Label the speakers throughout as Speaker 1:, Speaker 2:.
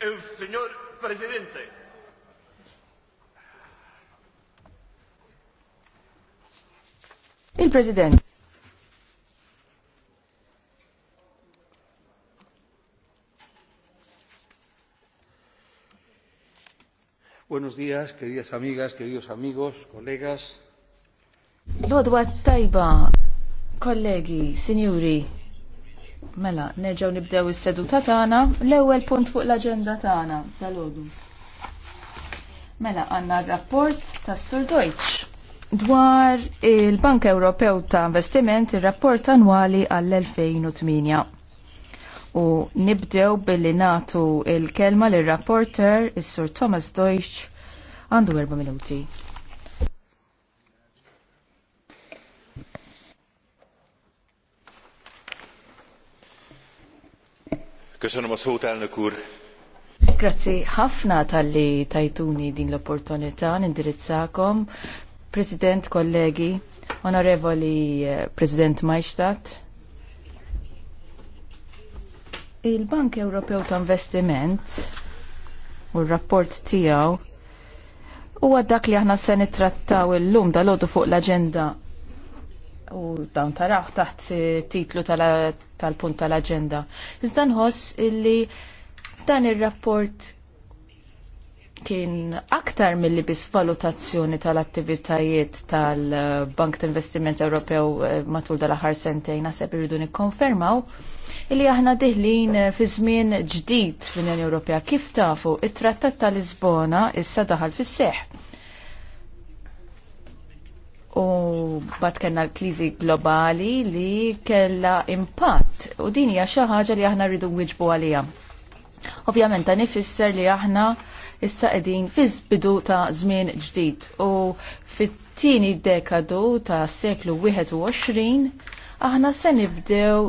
Speaker 1: El señor presidente. Il-President. Buenos días, queridas amigas, queridos amigos, colegas.
Speaker 2: Lodwa tajba, kollegi, signori, Mela, nerġgħu nibdew is-seduta tagħna, l-ewwel punt fuq l-aġenda tagħna tal-għodu. Mela, għandna rapport tas-Sur Deutsch dwar il-Bank Ewropew ta' Investiment ir-rapport annwali għall-2008. U nibdew billi natu il-kelma lir rapporter is-Sur Thomas Deutsch għandu erba' minuti.
Speaker 3: Köszönöm a szót, elnök úr.
Speaker 2: Grazzi ħafna tal-li tajtuni din l-opportunità nindirizzakom. President, kollegi, onorevoli eh, President Majstat, il-Bank Ewropew ta' Investiment u r-rapport tiegħu huwa dak li aħna se nittrattaw illum dal fuq l-aġenda u dawn taraw taħt titlu tal-punt tal-agenda. Iżda nħoss illi dan ir-rapport kien aktar mill-li bis valutazzjoni tal-attivitajiet tal-Bank d investiment Ewropew eh, matul dal-aħħar sentejn naħseb irridu nikkonfermaw illi aħna diħlin eh, fi żmien ġdid fl-Unjoni Ewropea kif tafu it-Trattat tal-Lisbona issa daħal fis-seħħ U bat kena l-klizi globali li kella impatt u din hija xi ħaġa li aħna rridu nwiġbu għalija. Ovvjament dan ifisser li aħna issa qegħdin fi żbidu ta' żmien ġdid u fit-tieni dekadu ta' seklu 21 aħna se nibdew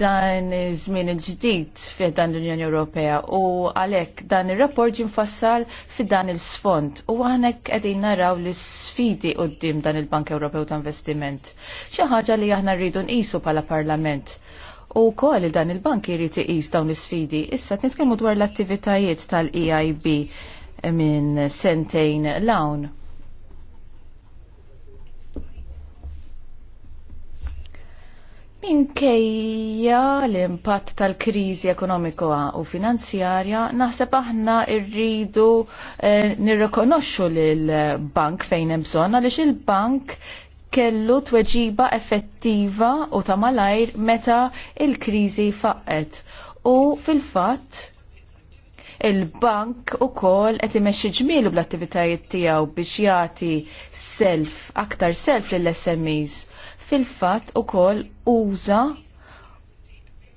Speaker 2: dan iż-żmien il-ġdid fih dan l-Unjoni Ewropea u għalhekk dan ir-rapport ġinfassal fi dan il-sfond u għanek qegħdin naraw l sfidi qudiem dan il-Bank Ewropew ta' Investiment. Xi ħaġa li aħna rridu nqisu bħala Parlament. U li dan il-bank jrid iqis dawn l-sfidi. Issa nitkellmu dwar l-attivitajiet tal-EIB minn sentejn l-awn. Minkejja l-impatt tal-kriżi ekonomika u finanzjarja, naħseb aħna rridu nirrekonoxxu eh, nirrikonoxxu lill-bank fejn hemm bżonn għaliex il-bank kellu tweġiba effettiva u ta' malajr meta il-kriżi faqqet. U fil-fatt il-bank u kol qed imexxi ġmielu bl-attivitajiet tiegħu biex jagħti self aktar self lill-SMEs fil-fatt ukoll uża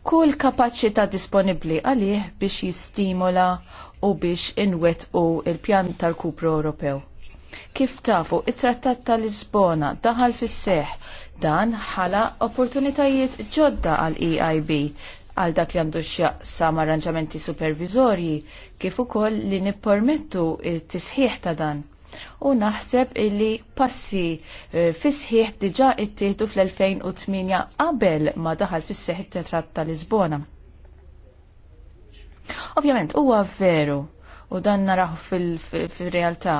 Speaker 2: kull kapaċità disponibbli għalih biex jistimola u biex inwettqu l pjan tal-kupru Ewropew. Kif tafu, it-Trattat tal-Lisbona daħal fis seħħ dan ħala opportunitajiet ġodda għal EIB għal dak li għandu x'jaqsam arranġamenti supervizorji kif ukoll li nippermettu t tisħiħ ta' dan u naħseb illi passi eh, fisħiħ diġa ittieħdu fl-2008 qabel ma daħal fis-seħ it-tetrat tal Lisbona. Ovvjament, huwa veru u dan naraw fil-realtà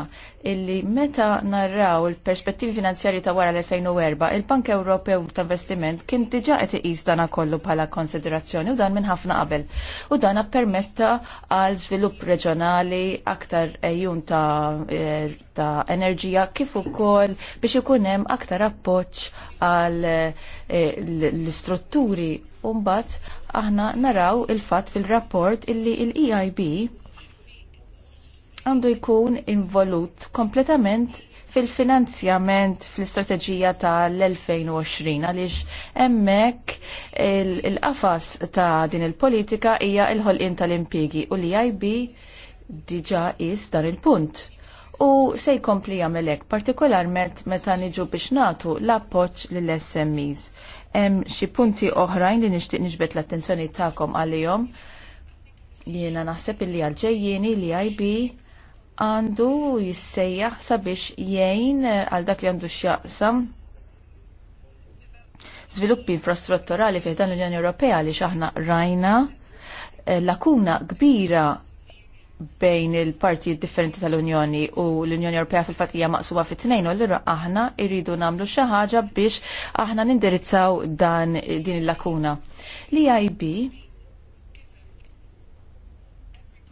Speaker 2: illi meta narraw il-perspettivi finanzjarji ta' wara l-2004 il-Bank Ewropew ta' Investiment kien diġa qed iqis dan kollu bħala konsiderazzjoni u dan minn ħafna qabel. U dan appermetta għal żvilupp reġjonali aktar ejjun ta' e, ta' enerġija kif ukoll biex ikun hemm aktar appoġġ għal e, l-istrutturi u mbagħad aħna naraw il-fatt fil-rapport illi l-EIB il għandu jkun involut kompletament fil-finanzjament fl-istrateġija tal-2020 għaliex hemmhekk il-qafas ta' din il-politika hija l-ħolqien tal impigi u li IB diġa' is dan il-punt. U se jkompli jagħmel hekk partikolarment meta niġu biex nagħtu l-appoġġ lill-SMEs. Hemm xi punti oħrajn li nixtieq niġbed l-attenzjoni tagħkom għalihom jiena naħseb illi għalġejjieni li IB għandu jissejjaħ sabiex jgħin eh, għal dak li għandu x'jaqsam żviluppi infrastrutturali fih dan l-Unjoni Ewropea li xaħna rajna eh, lakuna kbira bejn il-partijiet differenti tal-Unjoni u l-Unjoni Ewropea fil-fatt hija maqsuba fit tnejn u l-irra aħna irridu nagħmlu xi ħaġa biex aħna nindirizzaw dan din il-lakuna. L-EIB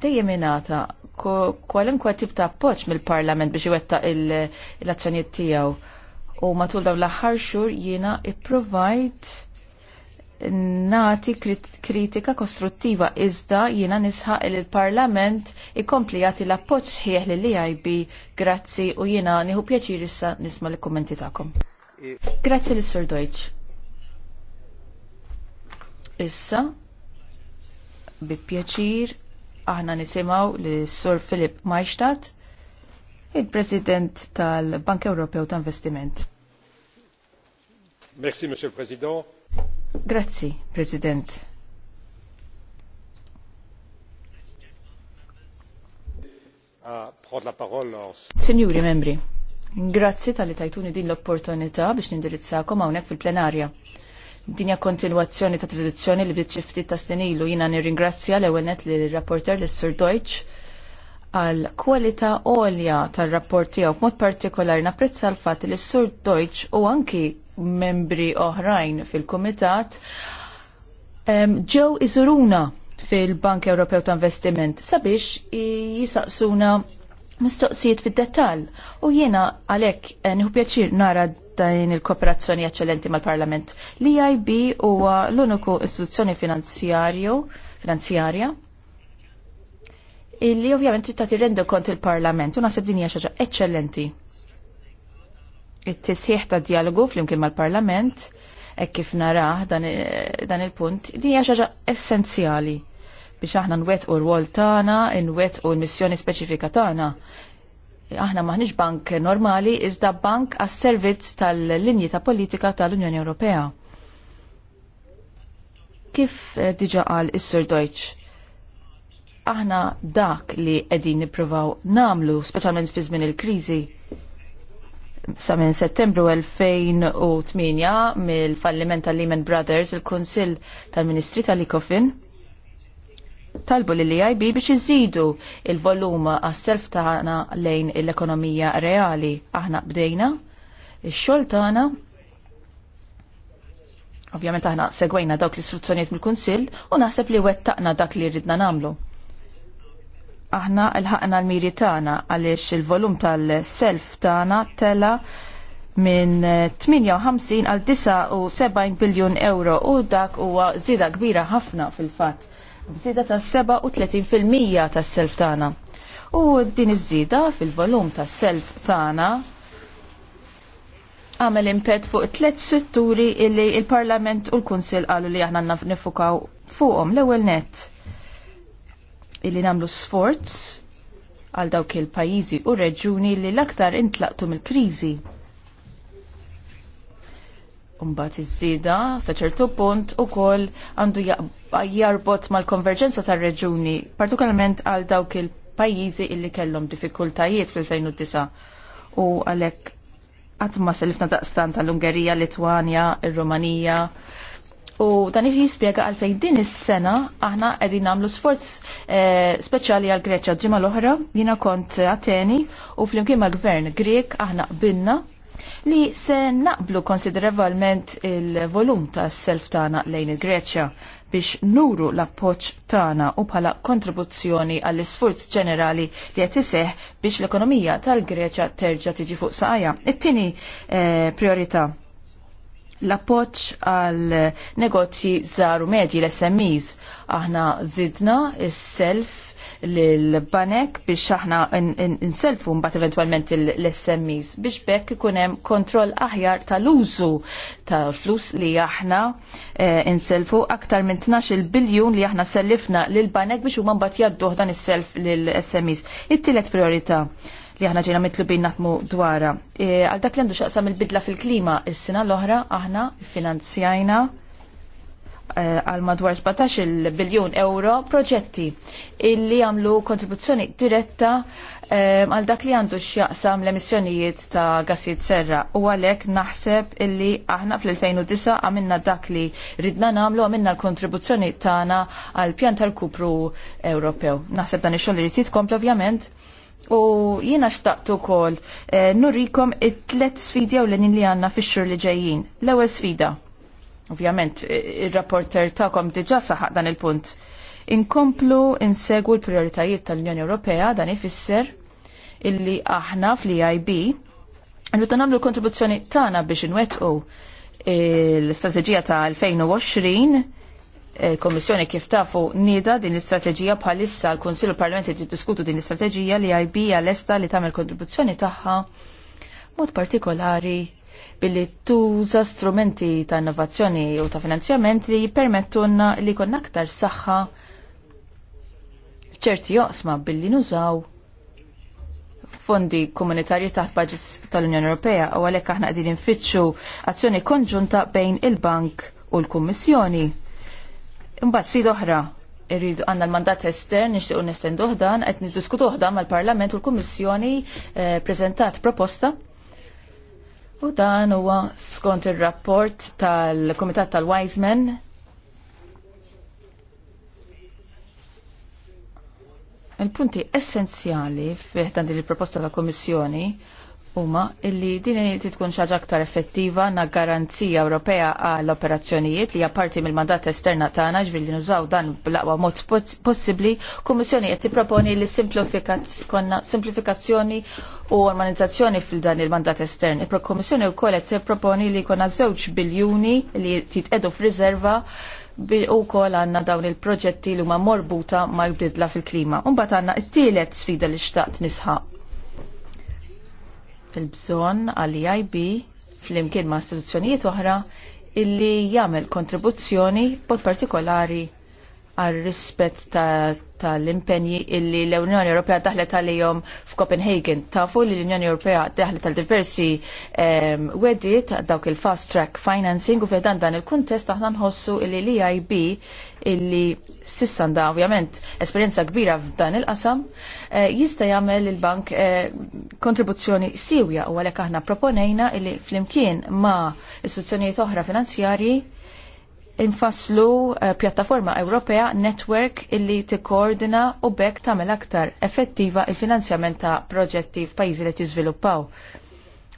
Speaker 2: dejjem ingħata kwalinkwa tip ta' appoġġ mill-Parlament biex iwettaq l-azzjonijiet tiegħu. U matul dawn l-aħħar xhur jiena ipprovajt nati kritika kostruttiva iżda jiena nisħaq il parlament ikompli jagħti l-appoġġ sħiħ li e IB grazzi u jiena nieħu pjaċir issa nisma' l kommenti tagħkom. Grazzi lis sur Deutsch. Issa bi pjaċir aħna nisimaw li Sur Filip Maistat, il-President tal-Bank Ewropew ta' Investiment. Merci, Monsieur President. Grazzi, President. Signori membri, grazzi tal-li tajtuni din l-opportunità biex nindirizzakom hawnhekk fil-plenarja dinja kontinuazzjoni ta' tradizzjoni li bdiet xifti ta' stenilu jina nirringrazzja l-ewwel net li rapporter l sur Deutsch għal kwalità għolja tal-rapport tiegħu b'mod partikolari napprezza l-fatt li s-sur Deutsch u anki membri oħrajn fil-kumitat ġew iżuruna fil-Bank Ewropew ta' Investiment sabiex jisaqsuna mistoqsijiet fid-dettall u jiena għalhekk eh, nieħu pjaċir nara din il-kooperazzjoni eccellenti mal-Parlament. L-EIB huwa l-uniku istituzzjoni finanzjarju finanzjarja illi ovvjament trid tirrendu kont il-Parlament u naħseb din hija xi ħaġa eċċellenti. It-tisħiħ ta' dialogu flimkien mal-Parlament hekk kif narah dan, il-punt din hija xi ħaġa essenzjali biex aħna nwet u rwol tagħna, nwet u l-missjoni speċifika tagħna aħna maħniġ bank normali, iżda bank għas servizz tal-linji ta' politika tal-Unjoni Ewropea. Kif eh, diġa qal is-Sir Deutsch? Aħna dak li qegħdin nippruvaw namlu, speċjalment fi żmien il-kriżi, sa minn settembru 2008 mill-falliment tal Lehman Brothers, il-Kunsill tal-Ministri tal-Ikofin, talbu li li e ib biex iżidu il-voluma għas-self tagħna lejn l-ekonomija reali. Aħna bdejna, ix-xogħol tagħna Ovvjament aħna segwejna dawk l-istruzzjonijiet mill-Kunsill u naħseb li wettaqna dak li rridna nagħmlu. Aħna l ħakna l-miri tagħna għaliex il-volum tal-self tagħna tela minn 58 għal 79 biljun euro u dak huwa żieda kbira ħafna fil-fatt bżida ta' 37% tas-self tagħna. U din iż-żida fil-volum tas-self tagħna għamel impet fuq tliet setturi illi il-Parlament u l-Kunsil qalu li aħna nifukaw fuqhom l-ewwel net illi namlu sforz għal dawk il-pajjiżi u reġuni li l-aktar intlaqtu mill-kriżi Umbat iż-żieda sa ċertu punt ukoll għandu jarbot mal-konverġenza tar-reġuni, partikolarment għal dawk il-pajjiżi illi kellhom diffikultajiet fil-2009. U għalhekk qatt ma selifna daqstan tal-Ungerija, Litwanja, ir-Rumanija. U dan jispjega għalfejn din is-sena aħna qegħdin nagħmlu sforz eh, speċjali għal Greċja ġimgħa l-oħra jiena kont Ateni u flimkien mal-Gvern Grek aħna qbilna li se naqblu konsiderevalment il-volum ta' self tana lejn il-Greċja biex nuru l-appoċ tana u bħala kontribuzzjoni għall isforz ġenerali li qed iseħ biex l-ekonomija tal-Greċja terġa' tiġi fuq saqajja. It-tieni eh, priorità l-appoċ għal negozji żaru medji l-SMEs. Aħna zidna is-self l-banek biex aħna inselfu mbagħad eventwalment l-SMEs biex bekk ikun hemm kontroll aħjar tal-użu tal-flus li aħna eh, aktar minn 12 biljun li aħna sellifna lil banek biex huma mbagħad jadduh dan is-self lill-SMEs. It-tielet priorità li aħna ġejna mitlubin naħdmu dwarha. Eh, għal dak li għandu xaqsam il-bidla fil-klima, is-sena l-oħra aħna finanzjajna Eh, għal madwar 17 biljun euro proġetti illi għamlu kontribuzzjoni diretta eh, għal dak li għandu x'jaqsam l-emissjonijiet ta' gassijiet serra u għalhekk naħseb illi aħna fl-2009 għamilna dak li ridna nagħmlu għamilna l-kontribuzzjoni tagħna għal pjan tal-kupru Ewropew. Naħseb dan ix-xogħol li jrid jitkompli ovvjament. U jiena xtaqt ukoll eh, nurikom it-tlet sfidi ewlenin li għandna fix-xhur li ġejjin. L-ewwel sfida Ovvjament, il-rapporter ta'kom diġa saħaq dan il-punt. Inkomplu insegwu l-prioritajiet tal-Unjoni Ewropea dan ifisser illi aħna fl-EIB ta' nagħmlu l-kontribuzzjoni tagħna biex inwettqu l strategija ta' 2020 il-Kommissjoni eh, kif tafu nida din l-istrateġija bħalissa l-Konsil u Parlament diskutu din l-istrateġija li e IB għal-esta li tagħmel kontribuzzjoni tagħha mod partikolari billi tuża strumenti ta' innovazzjoni u ta' finanzjament li jippermettunna li konna aktar saħħa ċerti joqsma billi nużaw fondi komunitarji taħt budgets tal-Unjoni Ewropea u għalhekk aħna qegħdin infittxu azzjoni konġunta bejn il-Bank u l-Kummissjoni. Imbagħad sfida oħra irridu għandna l-mandat estern nixtiequ nestenduh dan qed niddiskutu ħdan mal-Parlament u l-Kummissjoni eh, preżentat proposta U dan huwa skont ir-rapport tal-Kumitat tal-Wiseman Il-punti essenzjali fih dan din il-proposta tal kummissjoni huma illi din tkun ħaġa aktar effettiva na garanzija Ewropea għall operazzjonijiet li apparti mill-mandat esterna tagħna li nużaw dan bl-aqwa mod possibbli, Kummissjoni qed tipproponi li konna simplifikazzjoni u organizzazzjoni fil-dan il-mandat estern. il prokommissjoni u kollet proponi li kona zewċ biljuni li titqedu f-rizerva u koll għanna dawn il-proġetti li huma morbuta mal-bidla fil-klima. Umbat għanna it-tielet sfida li xtaqt nisħa. Fil-bżon għal e ib fl-imkien ma' istituzzjonijiet oħra illi jagħmel kontribuzzjoni b'mod partikolari għal rispett ta' tal-impenji illi l-Unjoni Ewropea daħlet għalihom f'Copenhagen. Tafu li l-Unjoni Ewropea daħlet tal diversi um, ehm, wedi ta' dawk il-fast track financing u fedan dan il-kuntest aħna nħossu illi l-EIB illi sissanda ovvjament esperjenza kbira f'dan il-qasam eh, jista' jagħmel il-bank eh, kontribuzzjoni siwja u għalhekk aħna proponejna illi flimkien ma' istituzzjonijiet oħra finanzjarji infaslu eh, pjattaforma Ewropea network illi tikkoordina u bekk tagħmel aktar effettiva il-finanzjament ta' proġetti f'pajjiżi li tiżviluppaw.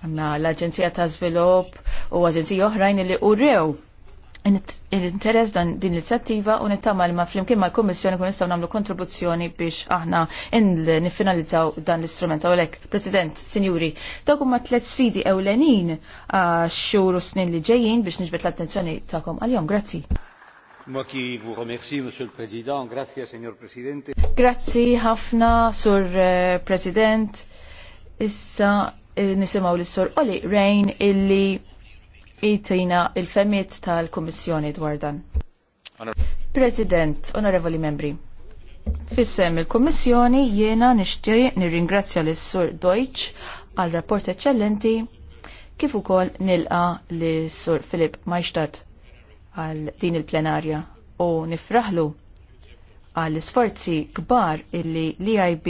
Speaker 2: Għandna l-Aġenzija ta' Żvilupp u aġenziji oħrajn illi urew l-interess dan din l-inizjattiva u nittamal ma flimkien ma l-Kommissjoni kun nistaw namlu kontribuzzjoni biex aħna nifinalizzaw dan l-istrument. Għolek, President, Sinjuri, dawkum ma tlet sfidi ewlenin xhur u snin li ġejjin biex nġbet l-attenzjoni ta'kom għal-jom. Grazzi. Moi qui vous remercie, Monsieur le Président. Grazie, Signor Presidente. Grazzi ħafna, Sur eh, President. Issa eh, nisimaw l-Sur Oli Rain illi jitina il femmiet tal-Komissjoni dwar dan. President, onorevoli membri, fissem il-Komissjoni jiena nixtieq nirringrazzja l sur Deutsch għal rapport eccellenti kif ukoll nilqa l sur Filip Majstad għal din il-plenarja u nifraħlu għal sforzi kbar illi li IB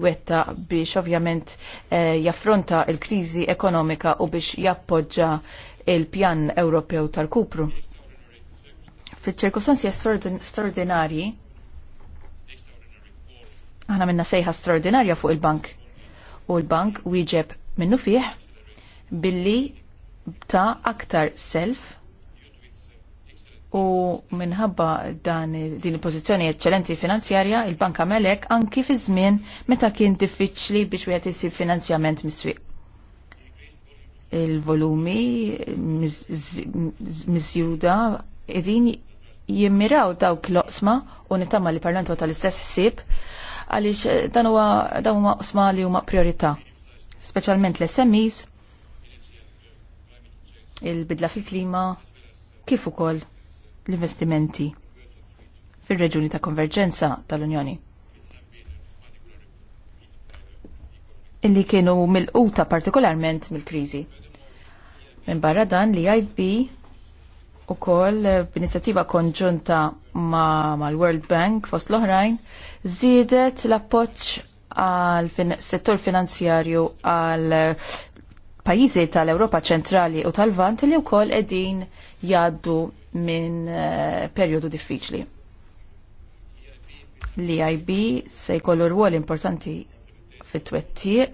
Speaker 2: wetta biex ovvjament eh, jaffronta il-krizi ekonomika u biex jappoġġa il-pjan Ewropew tal-Kupru. Fiċ-ċirkostanzi straordinarji, aħna minna sejħa straordinarja fuq il-bank u l-bank wieġeb minnu fih billi ta' aktar self u minħabba dan din il-pożizzjoni eccellenti finanzjarja, il-banka melek anki fi żmien meta kien diffiċli biex wieħed isib finanzjament mis-swieq il-volumi miżjuda edin jimmiraw dawk l-oqsma u nittama li parlament tal-istess ħsieb għaliex eh, dan huwa dawn huma osma li huma priorità. Speċjalment l-SMEs, il-bidla fil-klima, kif ukoll l-investimenti fir-reġuni ta' konverġenza tal-Unjoni. illi kienu mil quta partikolarment mill-kriżi. Minn barra dan li IB u koll eh, b'inizjattiva konġunta ma' mal-World Bank fost l-oħrajn zidet l-appoċ għal -fin settur finanzjarju għal eh, pajizi tal-Europa ċentrali u tal-Vant li wkoll qegħdin jgħaddu minn eh, perjodu diffiċli. L-IB se jkollu rwol importanti fit-twettiq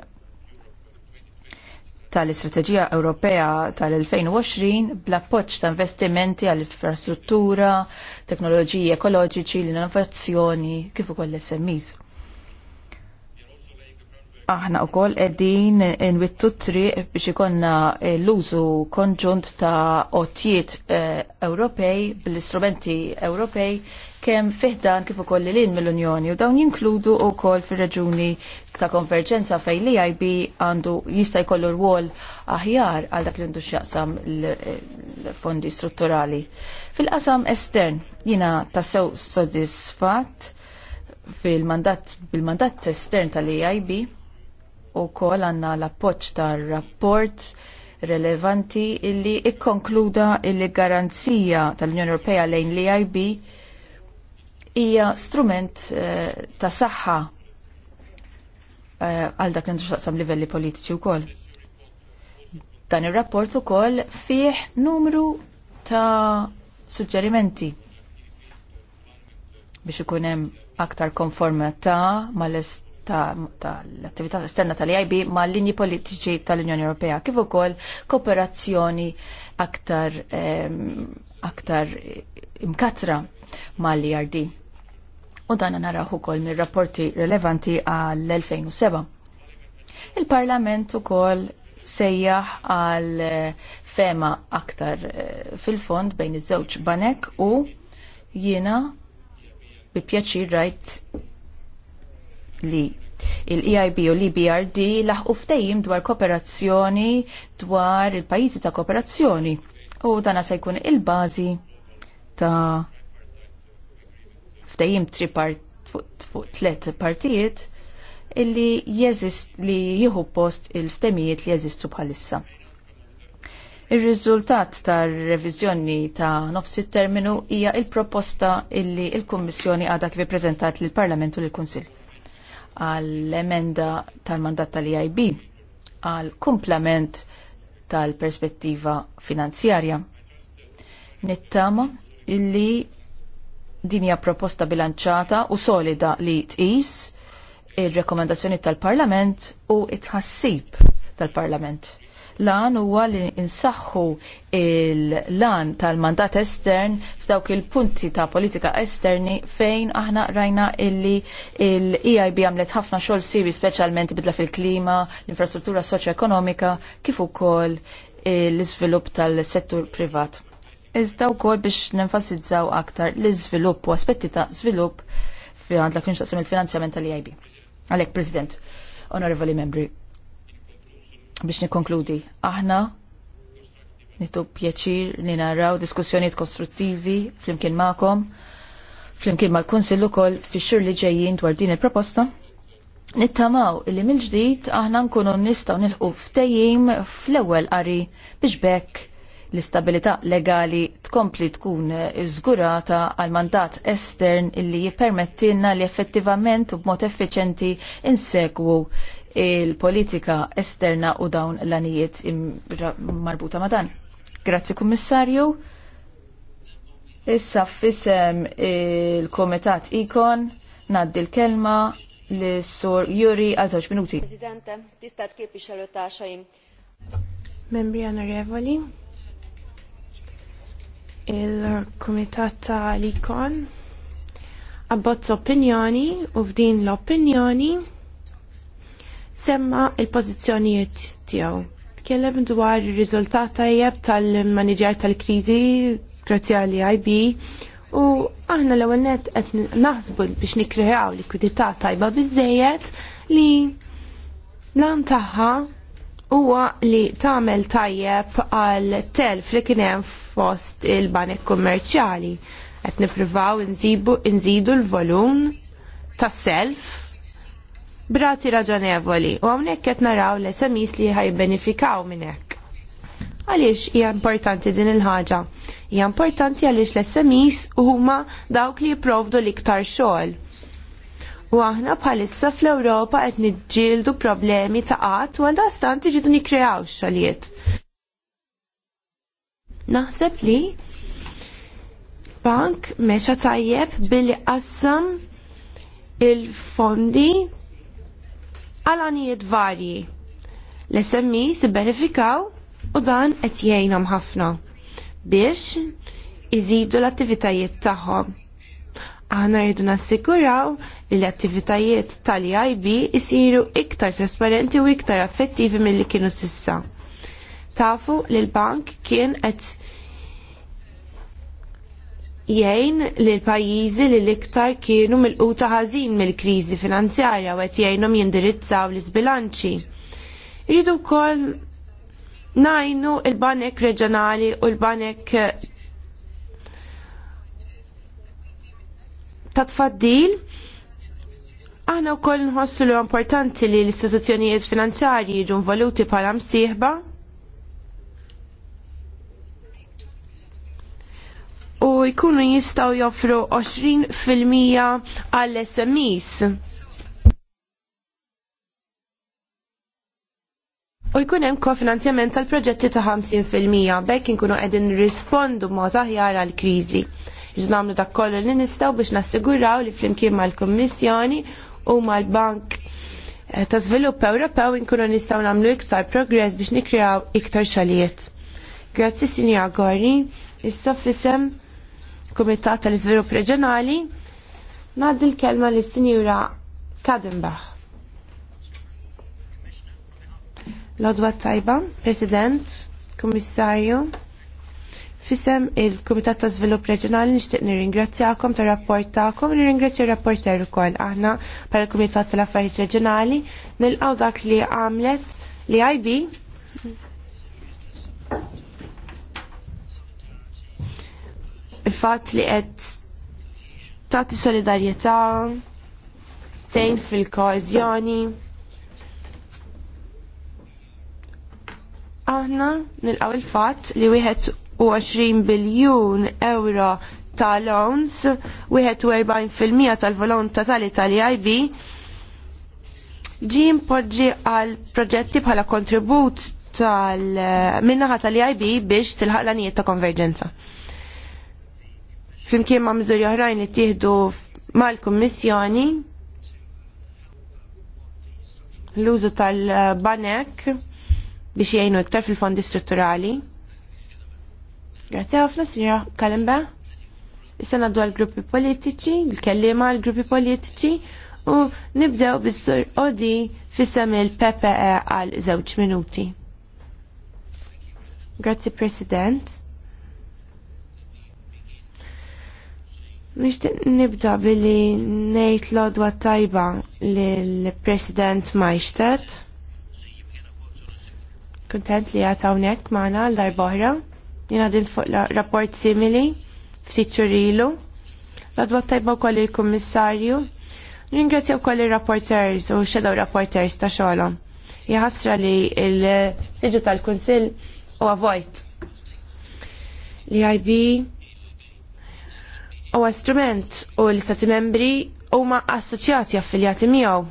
Speaker 2: tal-Istrateġija Ewropea tal-2020 bl-appoġġ ta' investimenti għall infrastruttura teknoloġiji ekoloġiċi, l-innovazzjoni, kif ukoll l-SMEs. Aħna wkoll qegħdin nwittu triq biex ikonna l-użu konġunt ta' otjiet eh, Ewropej bl-istrumenti Ewropej kemm fiħdan kif ukoll lil mill-Unjoni u dawn jinkludu wkoll fir-raġuni ta' konverġenza fejn li IB għandu jista' jkollu rwol aħjar għal dak li għandu x'jaqsam l-fondi strutturali. Fil-qasam estern jiena tassew sodisfatt fil-mandat bil-mandat estern tal-EIB u kol għanna l-appoċ tar-rapport relevanti illi ikkonkluda illi garanzija tal-Unjoni Ewropea lejn l-EIB hija strument eh, ta' saħħa eh, għal dak li xaqsam livelli politiċi wkoll. Dan ir-rapport ukoll fih numru ta' suġġerimenti biex ikun hemm aktar konformità tal-attività esterna tal ib ma' linji politiċi tal-Unjoni Ewropea kif ukoll kooperazzjoni aktar aktar imkatra mal ird u dan naraw ukoll mir-rapporti rilevanti għall-2007. Il-Parlament ukoll sejjaħ għal eh, fema aktar eh, fil-fond bejn iż-żewġ banek u jiena bi pjaċir rajt li il-EIB u l-EBRD laħqu ftejjim dwar kooperazzjoni dwar il-pajjiżi ta' kooperazzjoni u dan se jkun il-bażi ta' f'dejjem fuq tliet partijiet illi jeżist li jieħu post il-ftemijiet li jeżistu bħalissa. Ir-riżultat tar-reviżjoni ta' nofs terminu hija il-proposta illi il-Kummissjoni għadha kif ippreżentat lill parlament u lill kunsill għall-emenda tal-mandat tal ib għal kumplament tal-perspettiva finanzjarja. Nittama illi Din hija proposta bilanċata u solida li tqis il rekomendazzjoni tal-Parlament u it-ħassib tal-Parlament. Lan huwa li insaħħu il-lan tal-mandat estern f'dawk il-punti ta' politika esterni fejn aħna rajna illi il-EIB għamlet ħafna xogħol siri speċjalment bidla fil-klima, l-infrastruttura ekonomika, kif ukoll l-iżvilupp tal-settur privat iżda wkoll biex nenfasizzaw aktar l iżvilupp u aspetti ta' żvilupp fi għandla kienx kun il-finanzjament tal-IB. Għalek, President, onorevoli membri, biex nikonkludi, aħna nitu pjaċir li naraw diskussjoniet kostruttivi flimkien ma'kom, flimkien mal-Kunsill ukoll fix-xhur li ġejjin dwar din il-proposta. Nittamaw illi mill-ġdid aħna nkunu nistgħu nilħu ftejjim fl-ewwel qari biex bekk l-istabilità legali tkompli tkun zgurata għal mandat estern illi jippermettilna li effettivament u b'mod effiċenti insegwu il-politika esterna u dawn l-anijiet marbuta ma' dan. Grazzi Kummissarju. Issa fissem il-Komitat Ikon naddi l-kelma l-Sur Juri għal żewġ minuti.
Speaker 3: Presidente, tistat kif ixerru
Speaker 1: Membri onorevoli, il-Kumitat ta' Likon abbozz opinjoni u f'din l-opinjoni semma il-pożizzjonijiet tiegħu. Tkellem dwar ir-riżultat tajjeb tal-maniġer tal-kriżi grazzi għal IB U aħna l-ewwel nett qed naħsbu biex nikkreaw likwidità tajba biżejjed li lan tagħha huwa li tagħmel tajjeb għal telf li kien hemm fost il-banek kummerċjali qed nippruvaw nżidu l-volum tas-self brati raġonevoli u hawnhekk qed naraw l SMEs li ħajbenefikaw minn hekk. Għaliex hija importanti din il-ħaġa? Hija importanti għaliex l SMEs huma dawk li jipprovdu l-iktar xogħol. U aħna bħalissa fl-Ewropa qed niġġieldu problemi ta' qatt u għaldastant iġidu nikkrew xogħlijiet. Naħseb li bank meċa tajjeb billi qassam il-fondi għal anijiet varji. L-SMI e si benefikaw u dan qed jgħinhom ħafna biex iżidu l-attivitajiet tagħhom Aħna rridu nassiguraw li l-attivitajiet tal-IB isiru iktar trasparenti u iktar affettivi mill-li kienu sissa. Tafu li l-bank kien għet jgħin li l-pajjiżi li l-iktar kienu mill-quta ħażin mill-kriżi finanzjarja u qed jgħinhom jindirizzaw l-isbilanċi. Irridu wkoll najnu il-banek reġjonali u l-banek ta' tfaddil aħna wkoll nħossu li importanti li l-istituzzjonijiet finanzjarji jiġu valuti bħala msieħba u jkunu jistaw joffru 20% għall smis U jkun hemm kofinanzjament tal-proġetti ta' 50% bekk inkunu qegħdin rispondu mod aħjar għall-kriżi. Jiznamlu dak kollu li nistaw biex nassiguraw li flimkien mal-Kommissjoni u mal-Bank eh, ta' Zvilupp Ewropew inkunu nistaw namlu iktar progress biex nikrijaw iktar xalijiet. Grazzi Sinja Gorni, issa fisem Komitat tal-Iżvilupp Reġjonali, naddi l-kelma lis-Sinjura Kadenbach. Lodwa Tajba, President, Komissarju, Fisem il-Kumitat ta' Zvilupp Reġjonali nixtieq nirringrazzjakom tar rapport tagħkom u nirringrazzja r-rapporter ukoll aħna bħala Kumitat tal-Affarijiet Reġjonali nilqgħu dak li għamlet li IB il-fatt li qed tagħti solidarjetà tgħin fil-koeżjoni. Aħna nilqgħu il-fatt li wieħed 20 biljun euro ta' loans, 41% tal-volon totali tal-IB ġi impoġġi għal proġetti bħala kontribut tal-minnaħa tal-IB biex tilħaq l-anijiet ta' konverġenza. Flimkien ma' mżuri oħrajn li tieħdu mal-Kummissjoni l-użu tal-banek biex jgħinu iktar fil-fondi strutturali. Grazie ħafna, signora Kalimba. Issa naddu għal-gruppi politiċi, l-kellima għal-gruppi politiċi, u nibdew bis-sur Odi fissam il-PPE għal żewġ minuti. Grazie, President. Nishtiq nibda billi nejt lodwa tajba l-President Majstet. Kontent li għatawnek maħna l-darbohra. Jina din fuq rapport simili, ftit ċurilu. L-adwa tajba wkoll il-Kummissarju. Ringrazzja koll il rapporters u shadow rapporters ta' xogħolhom. Jħassra li l-siġu tal-Kunsill huwa għavojt. l għajbi huwa strument u l-Stati membri huma assoċjati affiljati miegħu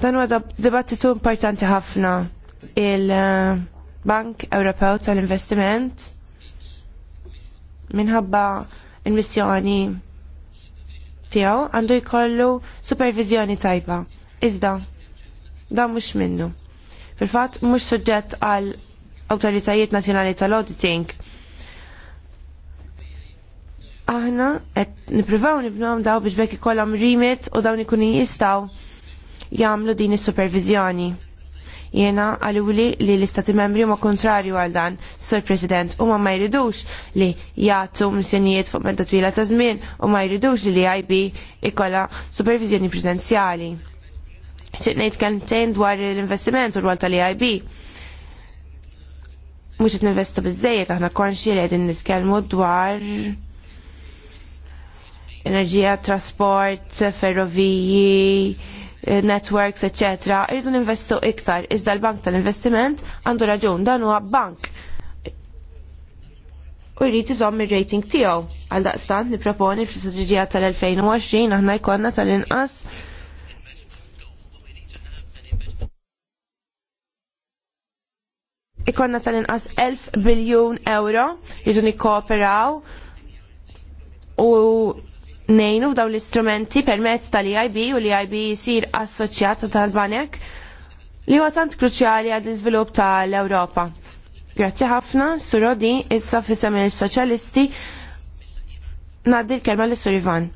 Speaker 1: Dan huwa dibattitu importanti ħafna il-Bank Ewropew tal-Investiment minħabba il-missjoni tiegħu għandu jkollu supervizjoni tajba. Iżda, dan mhux minnu. Fil-fatt mhux suġġett għal awtoritajiet nazzjonali tal-auditing. Aħna qed nippruvaw nibnu daw biex bekk ikollhom remit u dawn ikunu jistgħu Jamlu din is-supervizjoni. Jena għaluli li l-istati membri ma kontrarju għal dan, Sur President, u ma ma jridux li jgħatu missjonijiet fuq medda twila ta' żmien u ma jridux li IB ikolla supervizjoni presenzjali. Ċitnejt kentejn dwar l-investiment u l għalta tal-IB mux investu bizzejiet, aħna konxi li għedin nitkelmu dwar enerġija, trasport, ferroviji, Eh, networks, etc. Irridu ninvestu iktar, iżda l-bank tal-investiment għandu raġun, dan huwa bank. U jrid iżomm ir-rating tiegħu. Għal daqstant nipproponi fl-istraġiġija tal-2020 aħna jkollna tal-inqas ikonna tal-inqas 1000 biljun euro jiġu nikkooperaw u nejnu f'daw l-istrumenti permezz tal-EIB u l-EIB jisir assoċjat tal-banek li huwa tant kruċjali għad l izvilup tal-Ewropa. Grazzi ħafna, Surodi, issa fissam il-Soċjalisti, naddi l-kelma l-Sur Ivan.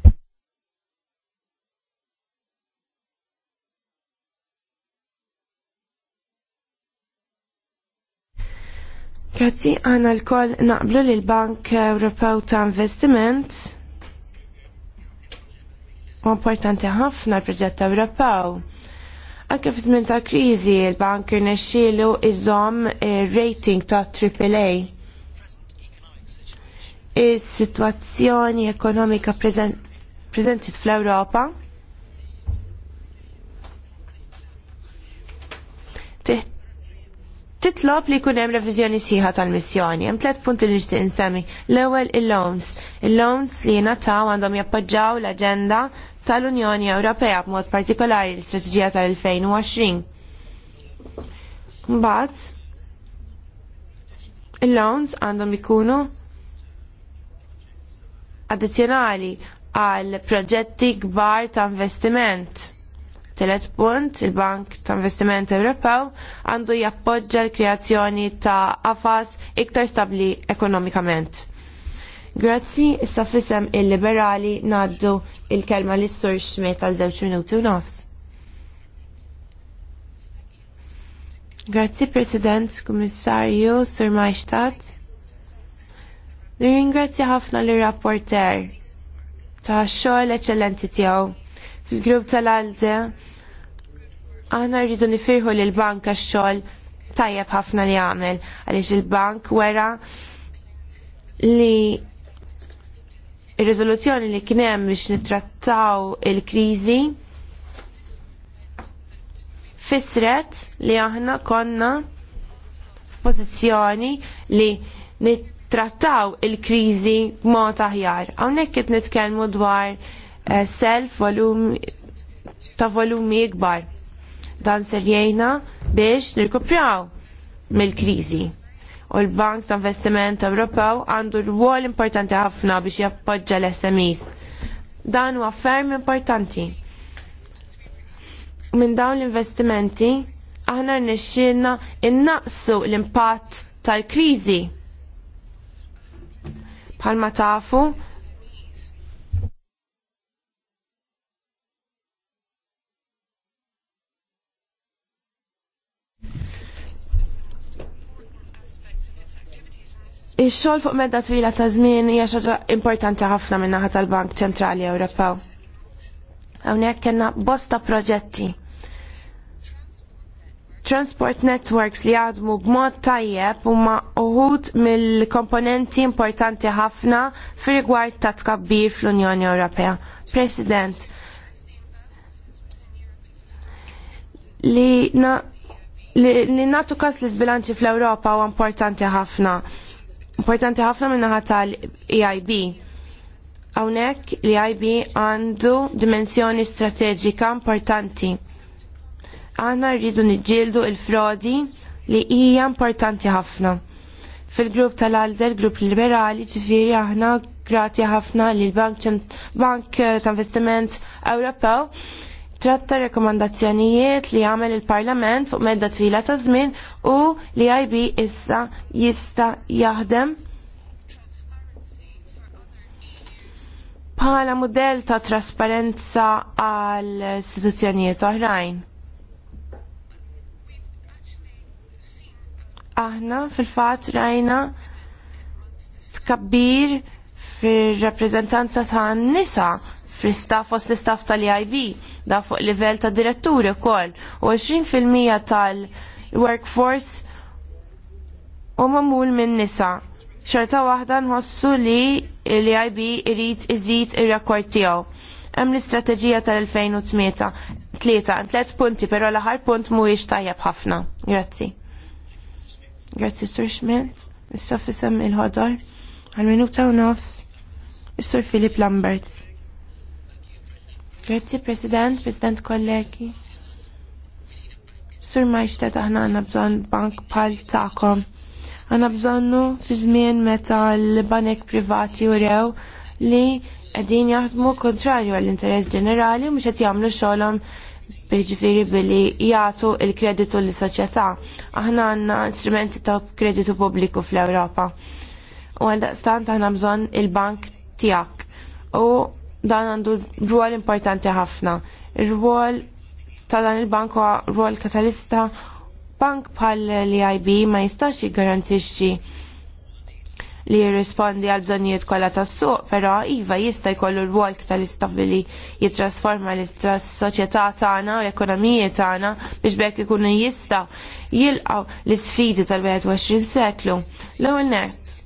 Speaker 1: Grazzi għana l-koll naqblu l-Bank Ewropew ta' Investiment importanti ħafna l-proġett Ewropew. Anke f'żmien ta' kriżi l banki irnexxielu iżomm ir-rating ta' AAA. Is-sitwazzjoni ekonomika preżenti fl-Ewropa titlob li jkun hemm reviżjoni sieħa tal-missjoni. Hemm tliet punti li nixtieq insemmi. L-ewwel il-loans. Il-loans li jingħataw għandhom jappoġġaw l-aġenda tal-Unjoni Ewropea b'mod partikolari l-istrateġija tal-2020. Mbagħad il-loans għandhom ikunu addizzjonali għal proġetti kbar ta' investiment Telet punt, il-Bank ta' Investiment Ewropew għandu jappoġġa l-kreazzjoni ta' afas iktar stabli ekonomikament. Grazzi, issa fisem il-liberali naddu il-kelma l sur Schmidt għal żewġ minuti u nofs. Grazzi, President, Kummissarju, Sur Majstat. Nirringrazzja ħafna l-rapporter ta' xogħol eċċellenti tiegħu. Fil-grupp tal-Alze Aħna rridu nifirħu li l-bank għax-xogħol tajjeb ħafna li għamel għaliex il-bank wera li ir-riżoluzzjoni li kien hemm biex nittrattaw il-kriżi fisret li aħna konna f'pożizzjoni li nittrattaw il-kriżi b'mod aħjar. Hawnhekk qed nitkellmu dwar eh, self volum ta' volumi ikbar. Dan ser jgħinna biex nirkupjaw mill-kriżi. U l-Bank ta' Investiment Ewropew għandu rwol importanti ħafna biex jappoġġa l-SMEs. Dan huwa ferm importanti. Minn dawn l-investimenti aħna rnexxielna innaqsu l-impatt tal-kriżi. Palma tafu, Ix-xogħol fuq medda twila ta' żmien hija xaġa importanti ħafna minn naħa tal-Bank Ċentrali Ewropew. Hawnhekk kellna bosta proġetti. Transport networks li għadmu b'mod tajjeb huma uħud mill-komponenti importanti ħafna firigward rigward ta' tkabbir fl-Unjoni Ewropea. President, li, na, li, li natu kas li sbilanċi fl-Europa u importanti ħafna importanti ħafna minnaħa tal-EIB. Hawnhekk l-EIB għandu dimensjoni strateġika importanti. Aħna rridu niġġieldu il-frodi li hija importanti ħafna. Fil-grupp tal-Alder, grupp liberali, ġifiri aħna grati ħafna li l-Bank eh, ta' Investiment Ewropew tratta rekomandazzjonijiet li għamel il-Parlament fuq medda twila ta' żmien u li IB issa jista jaħdem bħala mudell ta' trasparenza għal istituzzjonijiet oħrajn. Aħna fil-fatt rajna tkabbir fir-rappreżentanza ta' nisa fl-istaff fost l-istaff tal-IB da fuq livell ta' diretturi wkoll u 20% tal-workforce u mamul minn nisa. Xorta waħda nħossu li l-IB irrid iżid ir-rekord tiegħu. Hemm l-istrateġija tal-2008 tlieta, tlet punti, però l-aħħar punt mhuwiex tajjeb ħafna. Grazzi. Grazzi Sur Schmidt, issa fisem il-ħodor, għal-minuta u nofs, is-Sur Filip Lambert. Grazzi President, President kollegi. Sur ma jishtet aħna għanna bżon bank pal taqom. Għanna bżonnu fi żmien meta l-banek privati u rew li għedin jaħdmu kontrarju għall-interess ġenerali u mux għet jamlu xolom bil billi jgħatu il-kreditu l-soċjetà. Aħna għanna instrumenti ta' kreditu pubbliku fl-Ewropa. U għal-daqstant aħna bżon il-bank tijak. U dan għandu rwol importanti ħafna. rwol ta' dan il-bank huwa rwol katalista bank bħal li e ib ma jistax jiggarantixxi li jirrispondi għal bżonijiet kollha tas-suq, però iva jista' jkollu rwol tal billi jitrasforma l-soċjetà tagħna u l-ekonomija tagħna biex bekk ikunu jista' jilqgħu l-isfidi tal-21 seklu. L-ewwel nett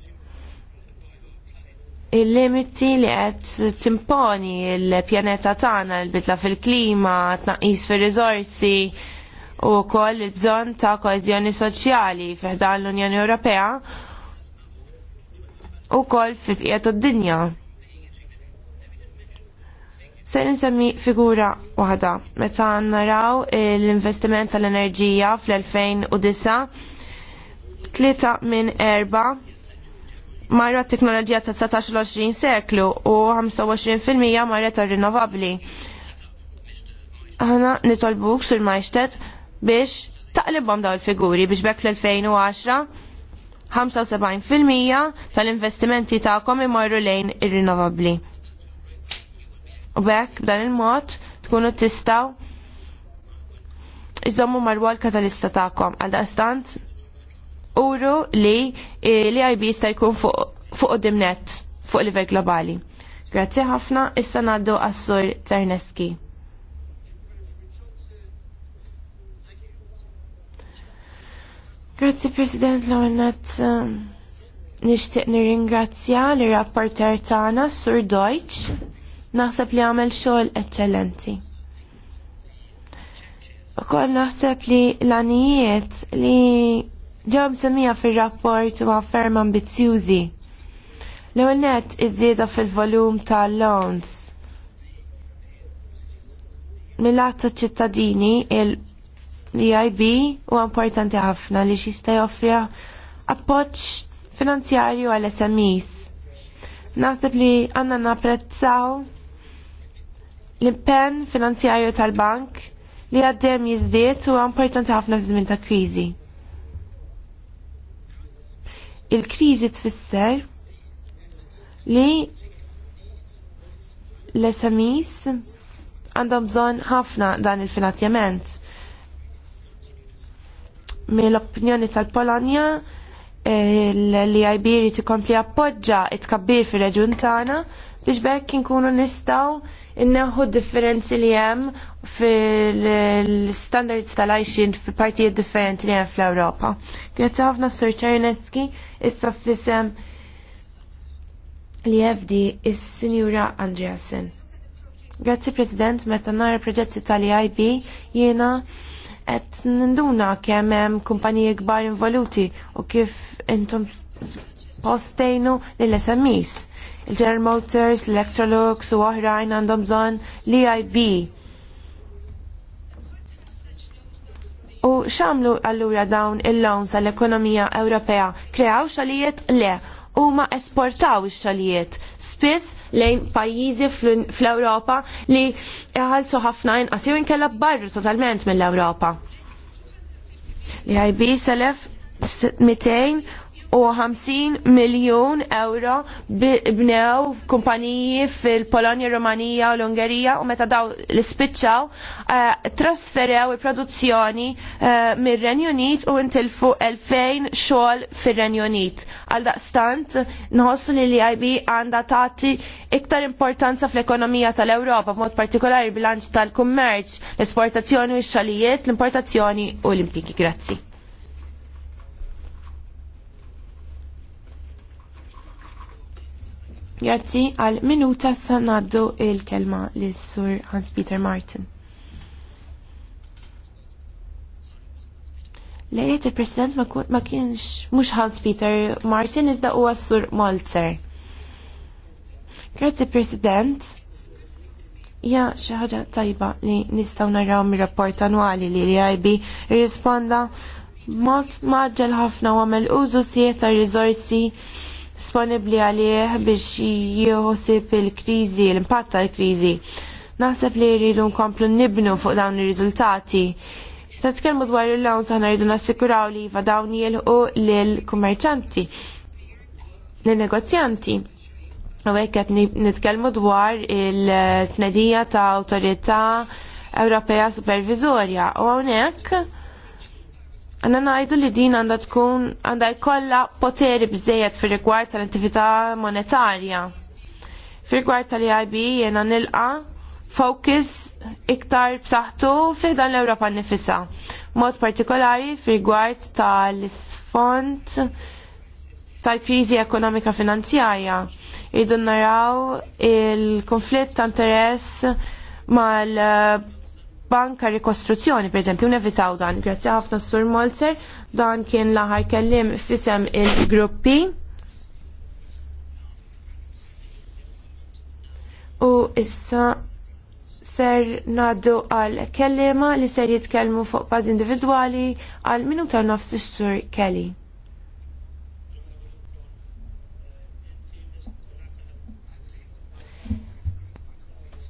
Speaker 1: il-limiti li qed timponi il-pjaneta tagħna l-bidla fil-klima, tnaqqis fir rizorsi u wkoll il-bżonn ta' koezjoni soċjali fiħdan l-Unjoni Ewropea u koll fil-bqija tad-dinja. Se nisemmi figura waħda meta naraw l-investiment tal-enerġija fl-2009 tlieta minn erba' marra t-teknoloġija ta' 19-20 seklu u 25% marra ta' rinnovabli. Aħna nitolbuk sur majstet biex taqlibhom daw il-figuri biex bekk l-2010 75% tal-investimenti ta'kom imorru lejn ir-rinnovabli. U bekk b'dan il-mod tkunu tistaw iżommu marwal katalista kom Għal-dastant uru li eh, li ib sta jkun fuq fuq dimnet fuq livell globali. Grazzi ħafna, issa ngħaddu għas-sur Terneski. Grazzi President Lawenat. Nixtieq nirringrazzja lir rapporter tagħna Sur Deutsch. Naħseb li għamel xogħol eċċellenti. Ukoll naħseb li l-anijiet li ġew msemmija fir-rapport u ferm ambizzjużi. L-ewwel nett fil-volum tal-loans. Mill-att ċittadini l-EIB huwa importanti ħafna li jista' joffri appoġġ finanzjarju għal SMEs. Naħseb li għandna napprezzaw l-impenn finanzjarju tal-bank li għaddem jizdiet u importanti ħafna f'żmien ta' kriżi il-kriżi tfisser li l-SMEs għandhom bżonn ħafna dan il-finanzjament. Mill-opinjoni tal-Polonja eh, l-IB jrid ikompli appoġġa t tkabbir fir-reġjun tagħna biex bekk inkunu nistaw inneħu differenzi li hemm fil-standards tal-għajxin fil-partijiet differenti li hemm fl-Ewropa. għafna ħafna Sur Czernetski issa fissem li jefdi is-Sinjura Andreasen. Grazzi President, meta nara proġetti tal-IB jiena qed ninduna kemm hemm kumpaniji kbar involuti u kif intom postejnu lill-SMEs. General Motors, Electrolux u oħrajn għandhom bżonn l ib U xamlu allura dawn il-lawns għall-ekonomija Ewropea? Kreaw xalijiet? Le. U ma esportaw xalijiet. Spiss lejn pajjiżi fl-Europa li jħalsu ħafna inqas jew inkella barru totalment mill-Ewropa. Li IB selef 200 50 miljon euro bnew kumpaniji fil-Polonja, Romania u l-Ungerija u meta daw l-spiċċaw uh, eh, trasferew il-produzzjoni uh, mir-Renju Unit u intilfu 2000 xogħol fir-Renju Unit. Għal daqstant nħossu li l-IB għandha tagħti iktar importanza fl-ekonomija tal-Ewropa b'mod partikolari bilanċ tal-kummerċ, l-esportazzjoni u x-xalijiet, l-importazzjoni u l-impjegi. Grazzi. Grazzi għal minuta sanaddu il-kelma l-sur Hans-Peter Martin. Lejet il-President ma kienx mux Hans-Peter Martin iżda u għassur Molzer. Grazzi, President. Ja, xaħġa tajba li nistaw naraw mir-rapport annwali li li għajbi risponda mod maġġel ħafna u għamel użu sieta rizorsi disponibli għalih biex jieħosib il-krizi, l-impatt tal-krizi. Naħseb li rridu nkomplu nibnu fuq dawn ir-riżultati. Ta' tkellmu dwar il-lawns aħna rridu nassikuraw li jiva dawn jilħu lill-kummerċanti, lill-negozjanti. Għawek qed nitkellmu dwar il-tnedija ta' autorita' Ewropea Supervizorja u għonek Għanna najdu li din għanda tkun għanda jkolla poteri bżejjed fir rigward tal-attività monetarja. Fir rigward tal-IB jena nilqa focus iktar b'saħħtu dan l-Ewropa nifisa. Mod partikolari fir rigward tal-sfond tal-krizi ekonomika finanzjarja. Irdu naraw il-konflitt ta' interess mal banka rikostruzzjoni, per eżempju, nevitaw dan. Grazzi ħafna Sur Molzer, dan kien laħar kellim fisem il-gruppi. U issa ser naddu għal kellima li ser jitkellmu fuq baż individwali għal minuta nofs is-sur Kelly.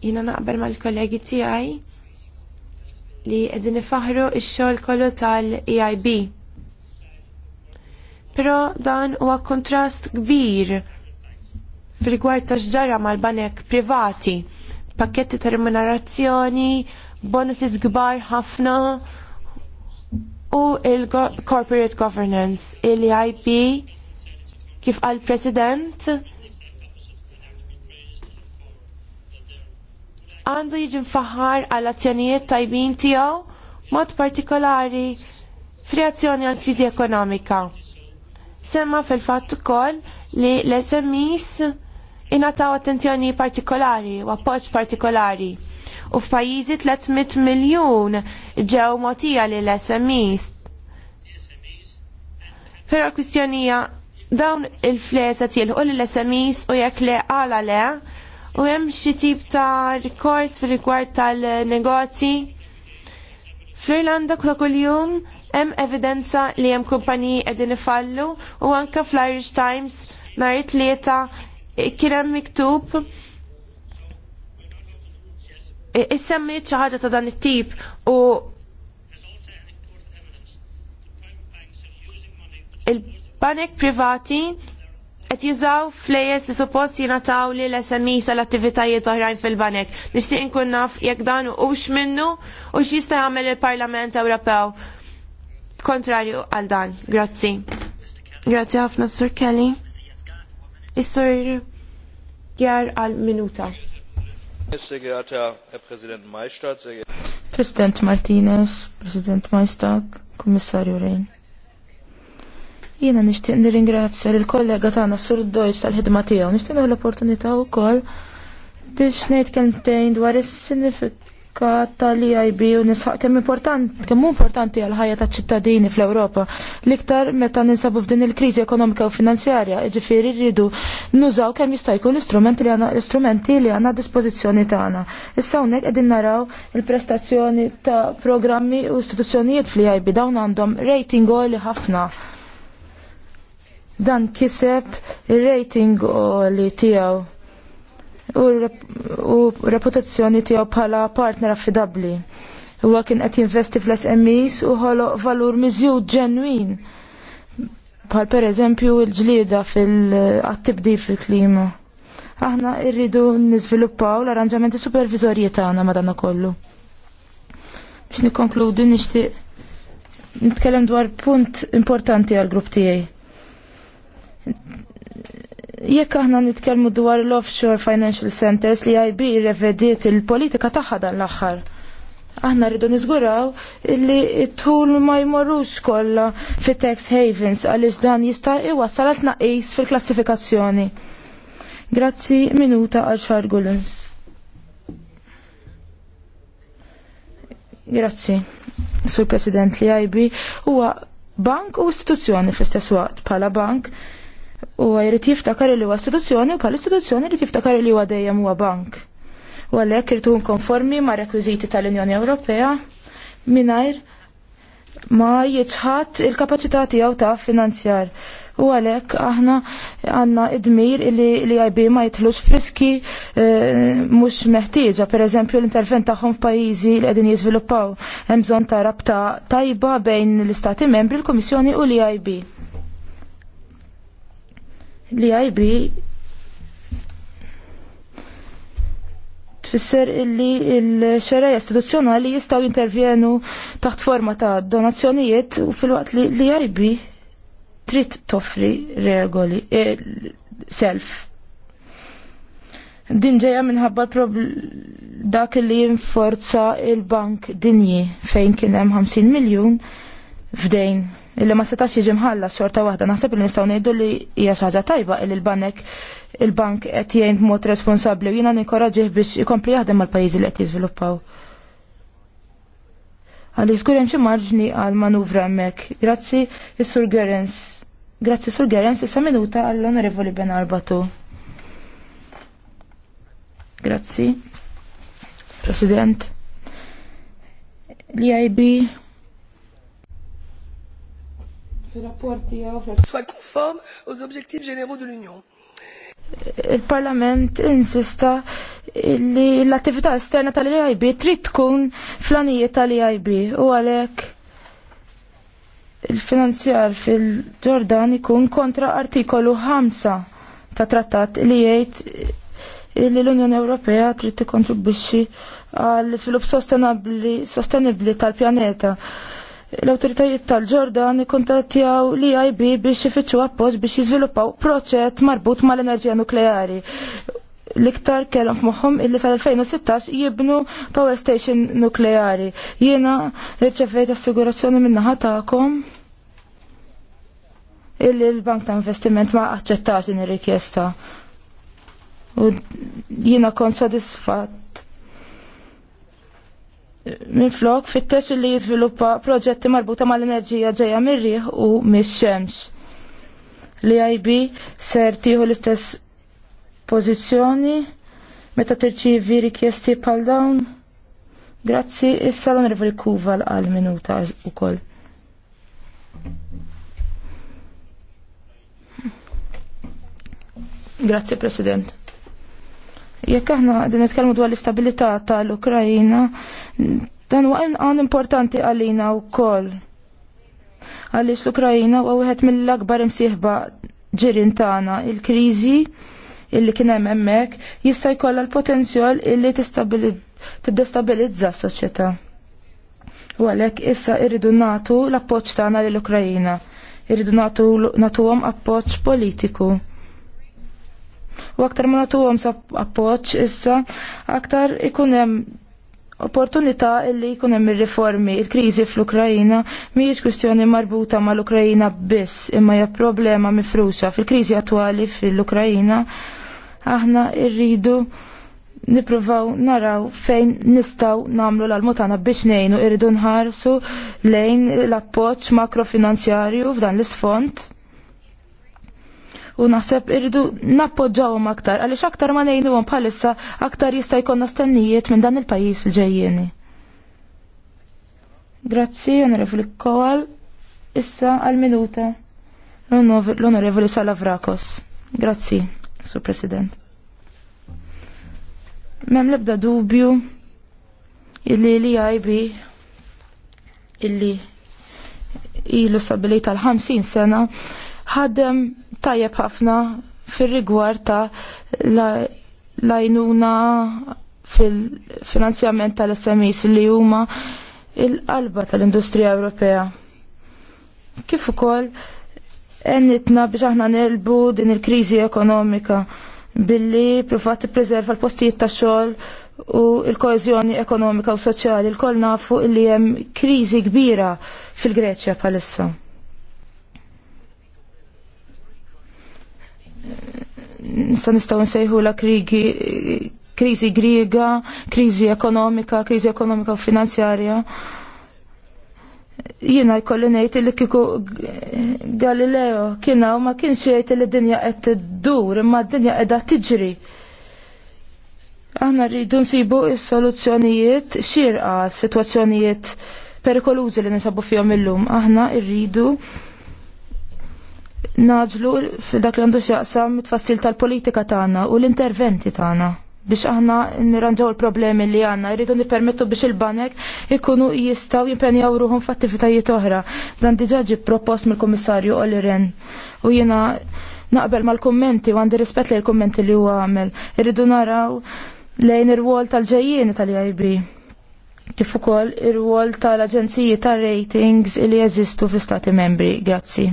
Speaker 1: Jina naqbel mal-kollegi tiegħi li qegħdin ifaħru x-xogħol kollu tal-EIB. Però dan huwa kontrast kbir fil gwart ta' xġara mal-banek privati, pakketti ta' remunerazzjoni, bonuses kbar ħafna u il-corporate governance, il-EIB kif għal president għandu jiġi mfaħħar għal azzjonijiet tajbin tiegħu mod partikolari f'reazzjoni għal kriżi ekonomika. Semma fil-fatt ukoll li l-SMEs inataw attenzjoni partikolari u appoġġ partikolari. U f'pajjiżi 300 miljun ġew motija l SMEs. Però kwistjonija dawn il-flesa tilħu lill smes u jekk le għala le, u hemm xi tip ta' rikors fir-rigward tal-negozji. Fl-Irlanda kuljum hemm evidenza li hemm kumpaniji qegħdin ifallu u anke fl-Irish Times nhar it-tlieta kien hemm miktub issemmiet xi ħaġa ta' dan it-tip u il-banek privati qed jużaw flejes li suppost jingħataw li l-SMI sal-attivitajiet oħrajn fil-banek. Nixtieq inkun naf jekk dan hux minnu u x'jista' jagħmel il-Parlament Ewropew kontrarju għal dan. Grazzi. Grazzi ħafna Sur Kelly. Is-Sur Gjar għal minuta.
Speaker 3: President Martinez, President Maistak, Kommissarju Rejn. Jiena nixtieq nirringrazzja lill kollega tagħna Sur Dojs tal-ħidma tiegħu. Nixtieq l-opportunità wkoll biex ngħid kentejn dwar is-sinifikat tal iib u nisħaq kemm importanti kemm importanti għal ħajja taċ-ċittadini fl-Ewropa. L-iktar meta ninsabu f'din il krizi ekonomika u finanzjarja, jiġifieri rridu nużaw kemm jista' jkun l-istrumenti li għandna l-istrumenti li għandna dispożizzjoni tagħna. Issa hawnhekk qegħdin naraw il-prestazzjoni ta' programmi u istituzzjonijiet fl iib dawn għandhom rating għoli ħafna dan kiseb il-rating li tijaw u, rep u reputazzjoni tijaw bħala partner affidabli. Huwa kien qed jinvesti fl-SMEs u ħoloq valur miżjud ġenwin bħal per eżempju l-ġlieda fil-attibdi fil-klima. Aħna irridu niżviluppaw l-arranġamenti supervizorji tagħna madana kollu. Biex nikkonkludi nixtieq nitkellem dwar punt importanti għal grupp tiegħi Jekk aħna nitkellmu dwar l-offshore financial centers li IB revediet il-politika tagħha dan l-aħħar. Aħna rridu niżguraw li t-tul ma jmorrux kollha fit tax havens għaliex dan jista' iwassal għal tnaqqis fil-klassifikazzjoni. Grazzi minuta għal xar Gullens. Grazzi, Sur President li IB huwa bank u istituzzjoni fl-istess waqt bħala bank u jrid jiftakar li huwa istituzzjoni u pal istituzzjoni jrid jiftakar li huwa dejjem huwa bank. U għalhekk irid konformi ma' rekwiżiti tal-Unjoni Ewropea mingħajr ma jiċħat il-kapaċità tiegħu ta' finanzjar. U għalhekk aħna għandna idmir li l-IB ma jitħlux friski eh, mhux meħtieġa, pereżempju l-intervent tagħhom f'pajjiżi li qegħdin jiżviluppaw. Hemm bżonn ta' rabta tajba bejn l-Istati Membri, l-Kummissjoni u l-IB li IB tfisser illi il-xeraj istituzzjonali jistaw jintervjenu taħt forma ta' donazzjonijiet u fil-waqt li, li IB trid toffri regoli eh, self din ġeja minħabba dak li jinforza il-bank dinji fejn kien hemm 50 miljun f'dejn illi ma setax jiġi mħalla xorta waħda naħseb li nistgħu ngħidu li hija xi ħaġa tajba li l-banek il-bank qed jgħin b'mod responsabbli u jiena ninkoraġġih biex ikompli jaħdem mal-pajjiżi li qed jiżviluppaw. Għalli żgur hemm xi marġni għal manuvra hemmhekk. Grazzi is-Sur Gerens. Grazzi Sur Gerens issa minuta għall-Onorevoli Ben Arbatu. Grazzi. President. L-IB
Speaker 1: soit conforme aux objectifs généraux de l'Union.
Speaker 3: Il-Parlament insista li l-attività esterna tal ib trid tkun flanijiet tal-EIB u għalhekk il-finanzjar fil-Ġordan ikun kontra artikolu 5 ta' trattat li jgħid li l-Unjoni Ewropea trid tikkontribwixxi għall-iżvilupp sostenibbli tal-pjaneta l-autoritajiet tal-ġordan kontattjaw li IB biex ifittxu appoġġ biex jiżviluppaw proċett marbut mal-enerġija nukleari. L-iktar kellhom f'moħħhom illi sal-2016 jibnu power station nukleari. Jiena rċevejt assigurazzjoni min-naħa tagħkom illi l-Bank ta' Investiment ma aċċettax din ir-rikjesta. U jiena kont sodisfatt minflok fit-test li jiżviluppa proġetti marbuta mal-enerġija ġejja mir-riħ u mix-xemx. Li IB ser tieħu l-istess pożizzjoni meta tirċievi rikjesti bħal dawn. Grazzi, issa l-onorevoli Kuva għal minuta wkoll. Grazzi, President. Jekk aħna din nitkellmu dwar l-istabilità tal-Ukrajina, Dan huwa għan importanti għalina wkoll. Għaliex l-Ukrajina u wieħed mill-akbar imsieħba ġirin tagħna. Il-kriżi illi kien hemm hemmhekk jista' jkollha l-potenzjol illi tiddestabilizza s-soċjetà. U għalhekk issa irridu nagħtu l-appoġġ tagħna lill-Ukrajina. Irridu nagħtuhom appoġġ politiku. U aktar ma nagħtuhom sa appoġġ issa, aktar ikun hemm opportunità li jkun hemm ir-riformi. Il-kriżi fl-Ukrajina mhijiex kwistjoni marbuta mal-Ukrajina biss, imma hija problema mifruxa fil-kriżi attwali fil-Ukrajina. Aħna rridu nipruvaw naraw fejn nistaw namlu l-almutana biex nejnu irridu nħarsu lejn l-appoċ makrofinanzjarju f'dan l-isfond u naħseb irridu nappoġġawhom aktar għaliex aktar ma ngħinuhom bħalissa aktar jista' jkollna stennijiet minn dan il-pajjiż fil-ġejjieni. Grazzi, onorevoli Kowal. Issa għal minuta l-onorevoli Salavrakos. Grazzi, Sur President. Mem lebda dubju illi li għajbi illi ilu stabilita l-50 sena ħaddem tajjeb ħafna fir-rigward ta' lajnuna fil-finanzjament tal-SMEs li huma il-qalba tal-industrija Ewropea. Kif ukoll għennitna biex aħna nelbu din il-kriżi ekonomika billi pruvat preserva l-postijiet ta' xogħol u l-koeżjoni ekonomika u soċjali. lkoll nafu li hemm kriżi kbira fil-Greċja bħalissa. nista nistgħu nsejħu la krigi kriżi griega, kriżi ekonomika, kriżi ekonomika u finanzjarja. Jiena jkolli nejti li kieku Galileo kien u ma kienx jgħid li d-dinja qed tdur, imma d-dinja qiegħda tiġri. Aħna rridu nsibu s-soluzzjonijiet xirqa, situazzjonijiet sitwazzjonijiet perikolużi li nisabu fihom illum. Aħna rridu naġlu fil-dak li għandu xaqsam mit-fassil tal-politika tagħna u l-interventi tagħna biex aħna nirranġaw il-problemi li għanna, jridu nipermettu biex il-banek ikunu jistaw jimpenjaw ruħum f'attivitajiet oħra. Dan diġaġi propost mill-Komissarju Olli Ren. U jina naqbel mal-kommenti u għandi rispett li l-kommenti li huwa għamel. Irridu naraw lejn ir-wol tal-ġejjieni tal-IB. Kif ukoll ir-wol tal-aġenziji tar-ratings li jeżistu fi stati membri. Grazzi.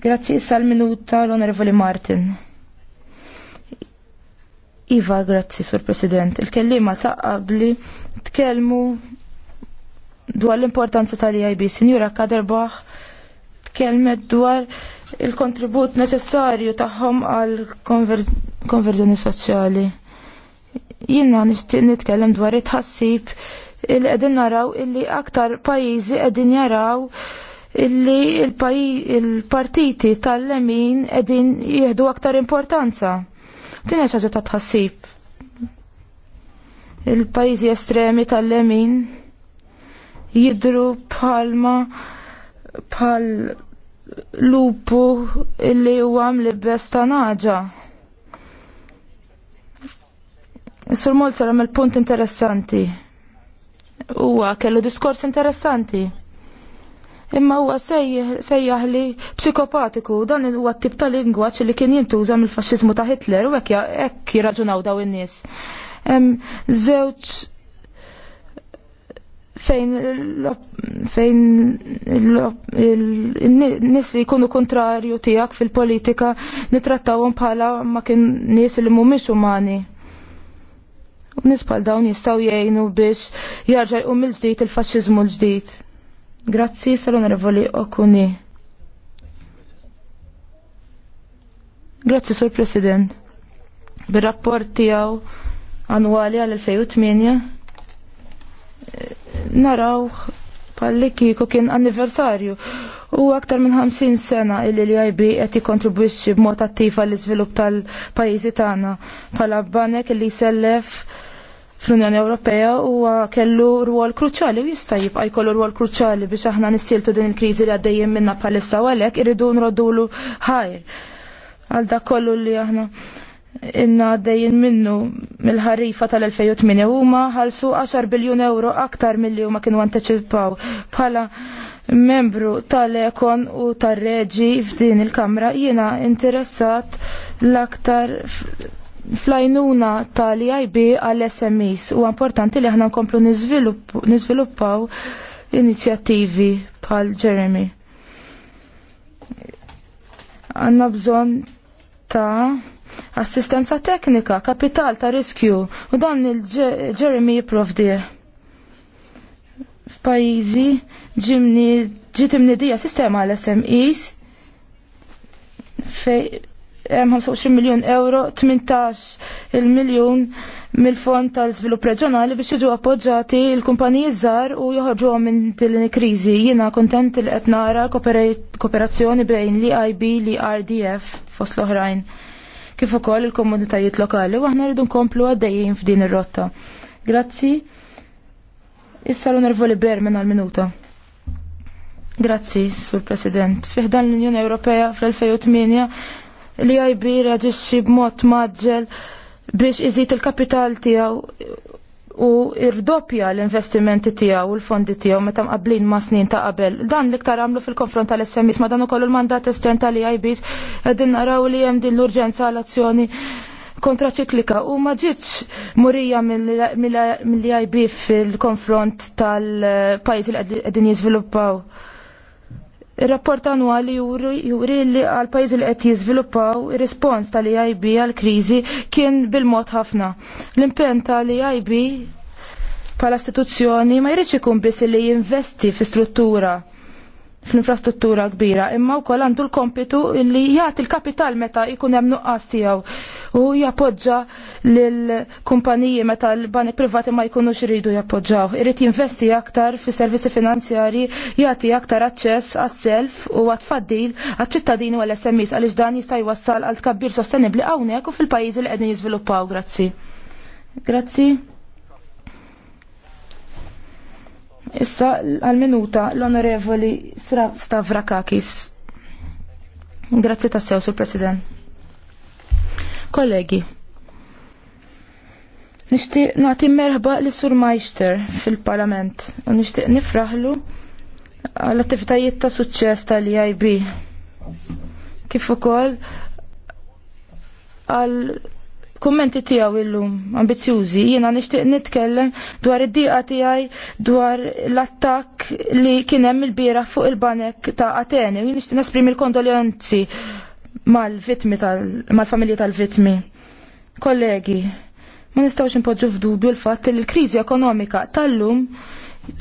Speaker 3: Grazzi sal-minuta l-Onorevoli Martin. Iva, grazzi, Sur President. Il-kellima ta' qabli tkellmu dwar l-importanza tal-IB. Sinjura Kaderbach tkellmet dwar il-kontribut neċessarju tagħhom għal konverżjoni soċjali. Jiena nixtieq nitkellem dwar it-ħassib il qegħdin naraw illi aktar pajjiżi qegħdin jaraw illi il-partiti il tal-lemin edin jihdu aktar importanza. Tina ħaġa ta' tħassib. il pajzi estremi tal-lemin jidru bħalma bħal lupu illi huwa li ta' naġa. Sur Molzer il punt interessanti. Huwa kellu diskors interessanti imma huwa sejjaħ li psikopatiku dan huwa t-tip ta' lingwaġġ li kien jintuża mill-faxxiżmu ta' Hitler u hekk jirraġunaw daw in-nies. Żewġ fejn fejn n li jkunu kontrarju tiegħek fil-politika nitrattawhom bħala ma kien nies li mhumiex umani. U nies bħal dawn jistgħu jgħinu biex jarġa' jqum il-ġdid il-faxxiżmu l-ġdid. il faxxiżmu l ġdid il l ġdid Grazzi, sal-onorevoli Okuni. Grazzi, sur President. Bir-rapport tiegħu annwali għal-2008 eh, naraw palli kiku kien anniversarju u aktar minn 50 sena illi li IB qed jikkontribwixxi b'mod attiv għall iżvilupp tal-pajjiżi tagħna bħala banek li sellef fl-Unjoni Ewropea huwa kellu rwol kruċali u jista' jibqa' jkollu rwol kruċali biex aħna nissieltu din il-kriżi li għaddejjin minna bħalissa u għalhekk irridu nroddulu ħajr għal dak kollu li aħna inna għaddejjin minnu mill-ħarifa tal-2008 huma ħalsu 10 biljun euro aktar milli huma kienu anteċipaw bħala membru tal-ekon u tal-reġi f'din il-kamra jiena interessat l-aktar flajnuna tal-IB għall-SMEs u importanti li aħna nkomplu niżviluppaw inizjattivi bħal Jeremy. Għanna bżon ta' assistenza teknika, kapital ta' riskju u dan il-Jeremy jiprofdi. F'pajjiżi ġimni ġiet imnidija sistema għall SMEs fej 25 miljon euro, 18 il-miljon mill-fond tal-żvilupp reġjonali biex jiġu appoġġati l-kumpaniji żgħar u joħorġu minn din il-kriżi. Jiena kontent li qed nara kooperazzjoni bejn li IB li RDF fost l-oħrajn kif ukoll il-komunitajiet lokali u aħna rridu nkomplu għaddejjin f'din ir-rotta. Grazzi. Issa l Ber minn għal-minuta. Grazzi, Sur President. Fiħdan l-Unjoni Ewropea fl-2008 li IB reaġixxi b'mod maġġel biex iżid il-kapital tiegħu u irdopja l-investimenti tiegħu u l-fondi tiegħu meta qablin ma' snin ta' qabel. Dan l-iktar għamlu fil-konfront tal-SMIs ma' dan ukoll l mandat estern tal ibs qegħdin naraw li hemm din l-urġenza għal-azzjoni kontraċiklika u ma ġitx murija mill-IB fil-konfront tal pajzi li qegħdin jiżviluppaw. Ir-rapport annwali juri li għal pajjiżi li qed jiżviluppaw ir-rispons tal-EIB għal kriżi kien bil-mod ħafna. L-impenn tal-EIB bħala istituzzjoni ma jridx ikun biss li jinvesti fi struttura fl-infrastruttura kbira, imma wkoll għandu l-kompitu li jagħti l-kapital meta jkun hemm nuqqas tiegħu u jappoġġa lil kumpaniji meta l-bani privati ma jkunux iridu jappoġġaw. Irid jinvesti aktar fi servizzi finanzjari jagħti aktar aċċess għas-self u għat-faddil għat-ċittadini u l-SMIs għaliex dan jista' jwassal għal tkabbir sostenibbli hawnhekk u fil-pajjiżi li qegħdin jiżviluppaw. Grazzi. Grazzi. Issa għal-minuta l-onorevoli Stavrakakis. Grazzi tassew, sur President. Kollegi, Nishtiq nagħti merħba li Sur Majster fil-Parlament u nixtieq nifraħlu għall attivitajiet ta' suċċess tal-EIB. Kif ukoll għal kummenti tiegħu illum ambizjuzi, jiena nixtieq nitkellem dwar id-diqa tiegħi dwar l-attakk li kien hemm il-bieraħ fuq il-banek ta' Atene u jien nixtieq nesprimi l-kondoljonzi mal-vitmi mal-familji tal-vitmi. Kollegi, ma nistgħux impoġġu f'dubju l-fatt li l-kriżi ekonomika tal-lum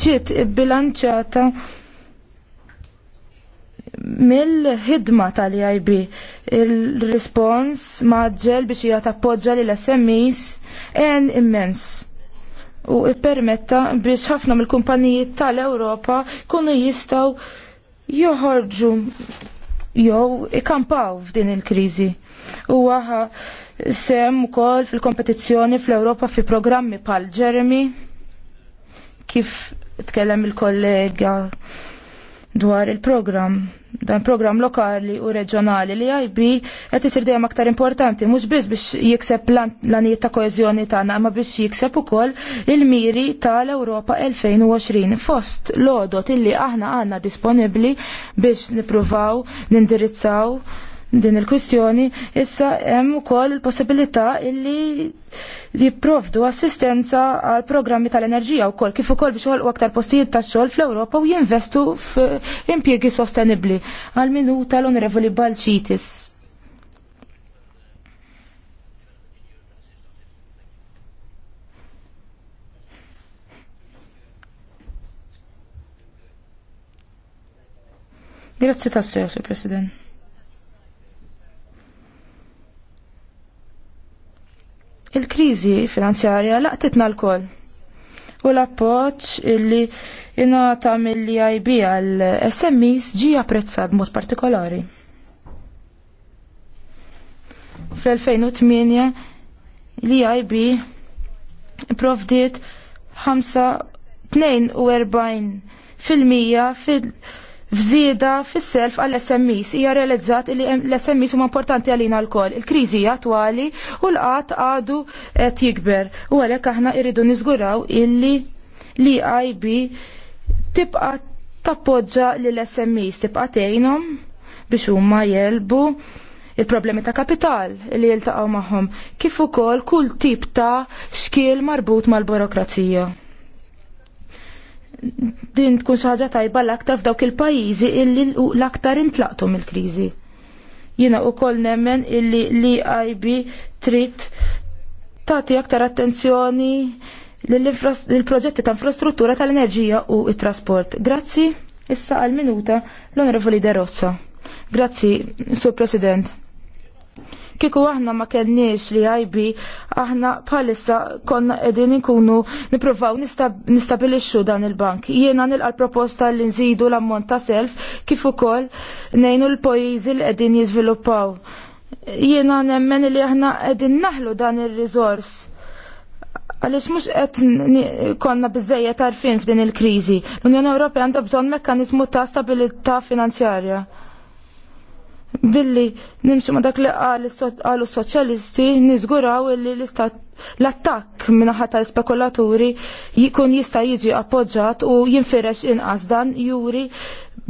Speaker 3: ġiet bilanċata mill-ħidma tal-IB il-respons maġġel biex hija tappoġġa lil SMEs en immens u ippermetta biex ħafna mill-kumpaniji tal-Ewropa kunu jistaw joħorġu jew ikampaw f'din il-kriżi. U għaha sem ukoll fil-kompetizzjoni fl-Ewropa fi programmi pal Jeremy kif tkellem il-kollega dwar il-programm dan programm lokali u reġjonali li IB qed isir dejjem aktar importanti mhux biss biex jikseb l-anijiet ta' koeżjoni tagħna ma biex jikseb ukoll il-miri tal-Ewropa 2020 fost lodot illi aħna għandna disponibbli biex nippruvaw nindirizzaw din il-kwistjoni, issa hemm ukoll il-possibilità illi jipprovdu assistenza għal programmi tal-enerġija wkoll kif ukoll biex ħolqu aktar postijiet tax-xogħol fl-Ewropa u jinvestu f'impjiegi sostenibbli għal minu tal onorevoli Balċitis. Grazie tassi, Sir President. Il-kriżi finanzjarja laqtitna l-koll u l-appoċ illi innata mill-li għajbi għal SMEs ġi apprezzat mod partikolari. Fl-2008 li IB provdiet 42% fil-mija fil-, -mija fil f'żieda fis-self għall-SMEs hija realizzat li l-SMEs huma importanti għalina l-koll. Il-kriżi attwali u l-qatt għadu qed jikber u għalhekk aħna jridu niżguraw illi li e IB tibqa' tappoġġa lil SMEs tibqa' tgħinhom biex huma jelbu il-problemi ta' kapital li jiltaqgħu magħhom kif ukoll kull tip ta' xkiel marbut mal-burokrazija din tkun xi ħaġa tajba l-aktar f'dawk il-pajjiżi illi l-aktar intlaqtu mill-kriżi. Jiena wkoll nemmen illi li IB trid tagħti aktar attenzjoni lill-proġetti ta' infrastruttura tal-enerġija u it-trasport. Grazzi, issa għal minuta l-Onorevoli De Rossa. Grazzi, Sur President. Kieku aħna ma kenniex li għajbi, aħna bħalissa konna edin inkunu niprofaw nistabilixxu dan il-bank. Jiena nilqa proposta li nżidu l-ammont ta' self kif ukoll nejnu l-pajjiżi li qegħdin jiżviluppaw. Jiena nemmen li aħna qegħdin naħlu dan ir-riżors għalix mux qed konna bizzejja tarfin f'din il-krizi. L-Unjoni Ewropea għandha bżonn mekkanizmu ta' stabilità finanzjarja billi nimxu ma dak li għalu soċjalisti nizguraw li l-attakk minnaħa ta' spekulaturi jikun jista' jiġi appoġġat u jinfirex inqas dan juri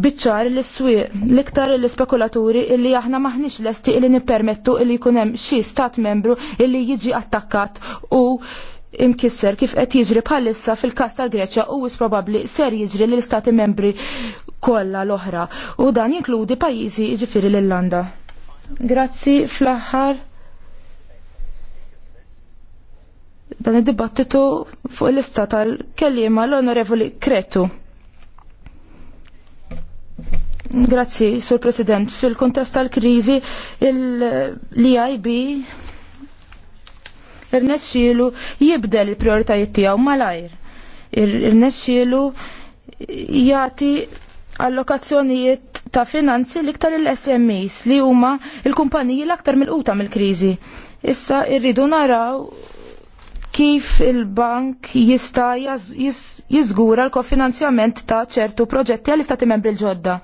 Speaker 3: biċċar l swieq l-iktar l-spekulaturi illi aħna maħniex lesti illi nippermettu illi jkun hemm xi stat membru illi jiġi attakkat u imkisser kif qed jiġri bħalissa fil-każ tal-Greċja u probabbli ser jiġri l istati membri kollha l-oħra u dan jinkludi pajjiżi jiġifieri l-Irlanda. Grazzi fl-aħħar. dan id-dibattitu fuq l istat tal kelliema l-Onorevoli Kretu. Grazzi, Sur President. Fil-kontest tal-krizi, l-IIB irnexxielu jibdel il-prioritajiet tiegħu malajr. Irnexxielu jagħti allokazzjonijiet ta' finanzi l-iktar il-SMEs li huma il-kumpaniji l-aktar mill-quta mill-kriżi. Issa irridu naraw kif il-bank jista' jiżgura l-kofinanzjament ta' ċertu proġetti għall-istati membri l-ġodda.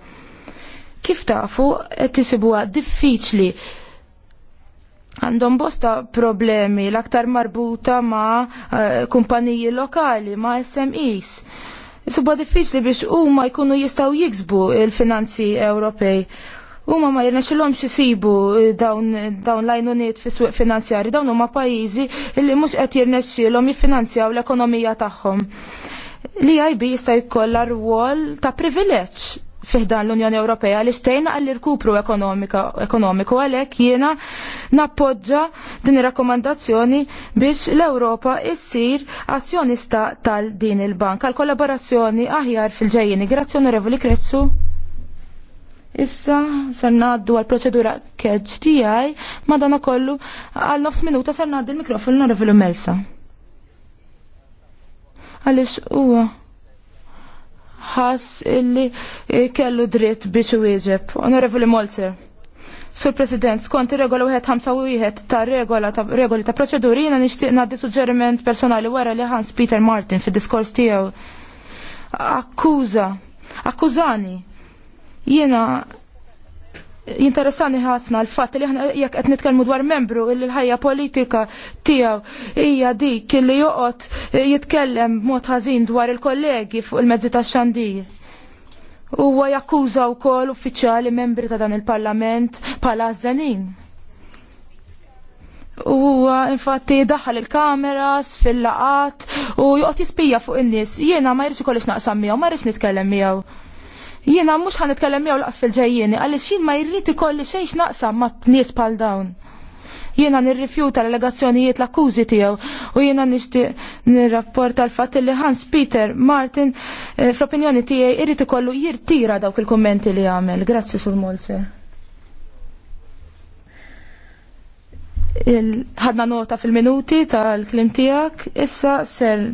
Speaker 3: Kif tafu qed tisibuha diffiċli għandhom bosta problemi l-aktar marbuta ma' eh, kumpaniji lokali, ma' SMEs. Isuba diffiċli biex huma jkunu jistgħu jiksbu il-finanzi Ewropej. Huma ma jirnexilhomx isibu dawn dawn l-għajnuniet fis-suq finanzjari, dawn huma pajjiżi li mhux qed jirnexxilhom jiffinanzjaw l-ekonomija tagħhom. Li għajbi jista' jkollha rwol ta' privileġġ fiħdan l-Unjoni Ewropea li xtejna għall irkupru ekonomiku għalhekk jiena nappoġġa din ir-rakkomandazzjoni biex l-Ewropa issir azzjonista tal din il-bank għal kollaborazzjoni aħjar fil ġejjini Grazzi Onorevoli Krezzu. Issa ser ngħaddu għal proċedura catch tiegħi madana kollu għal nofs minuta ser ngħaddi il mikrofon l-Onorevoli Melsa. Għaliex huwa ħass illi kellu dritt biex iwieġeb. Onorevoli Molzer. Sur President, skont ir-regola wieħed ħamsa wieħed ta' regola ta' regoli ta' proċeduri jiena nixtieq ngħaddi suġġeriment personali wara li Hans Peter Martin fid-diskors tiegħu. Akkuża, akkużani. Jiena jinteressani ħafna l-fatt li aħna jekk qed nitkellmu dwar membru illi l-ħajja politika tiegħu hija dik illi joqgħod jitkellem b'mod ħażin dwar il-kollegi fuq il-mezzi tax-xandir. Huwa jakkuża wkoll uffiċjali membri ta' dan il-Parlament bħala żenin. Huwa infatti daħal il-kameras fil-laqat u joqgħod jispija fuq in-nies. Jiena ma jridx ikollix naqsam miegħu, ma jridx nitkellem miegħu. Jiena mhux nitkellem jew laqas fil-ġejjieni għaliex jien ma jrid ikolli xejn naqsam ma' nies bħal dawn. Jiena nirrifjuta l-allegazzjonijiet l-akkużi tiegħu u jiena nixtieq nirrapporta l-fatt li Hans Peter Martin eh, fl-opinjoni tiegħi jrid ikollu jirtira dawk il-kummenti li għamel. Grazzi sur molti. ħadna nota fil-minuti tal-klim tiegħek, issa ser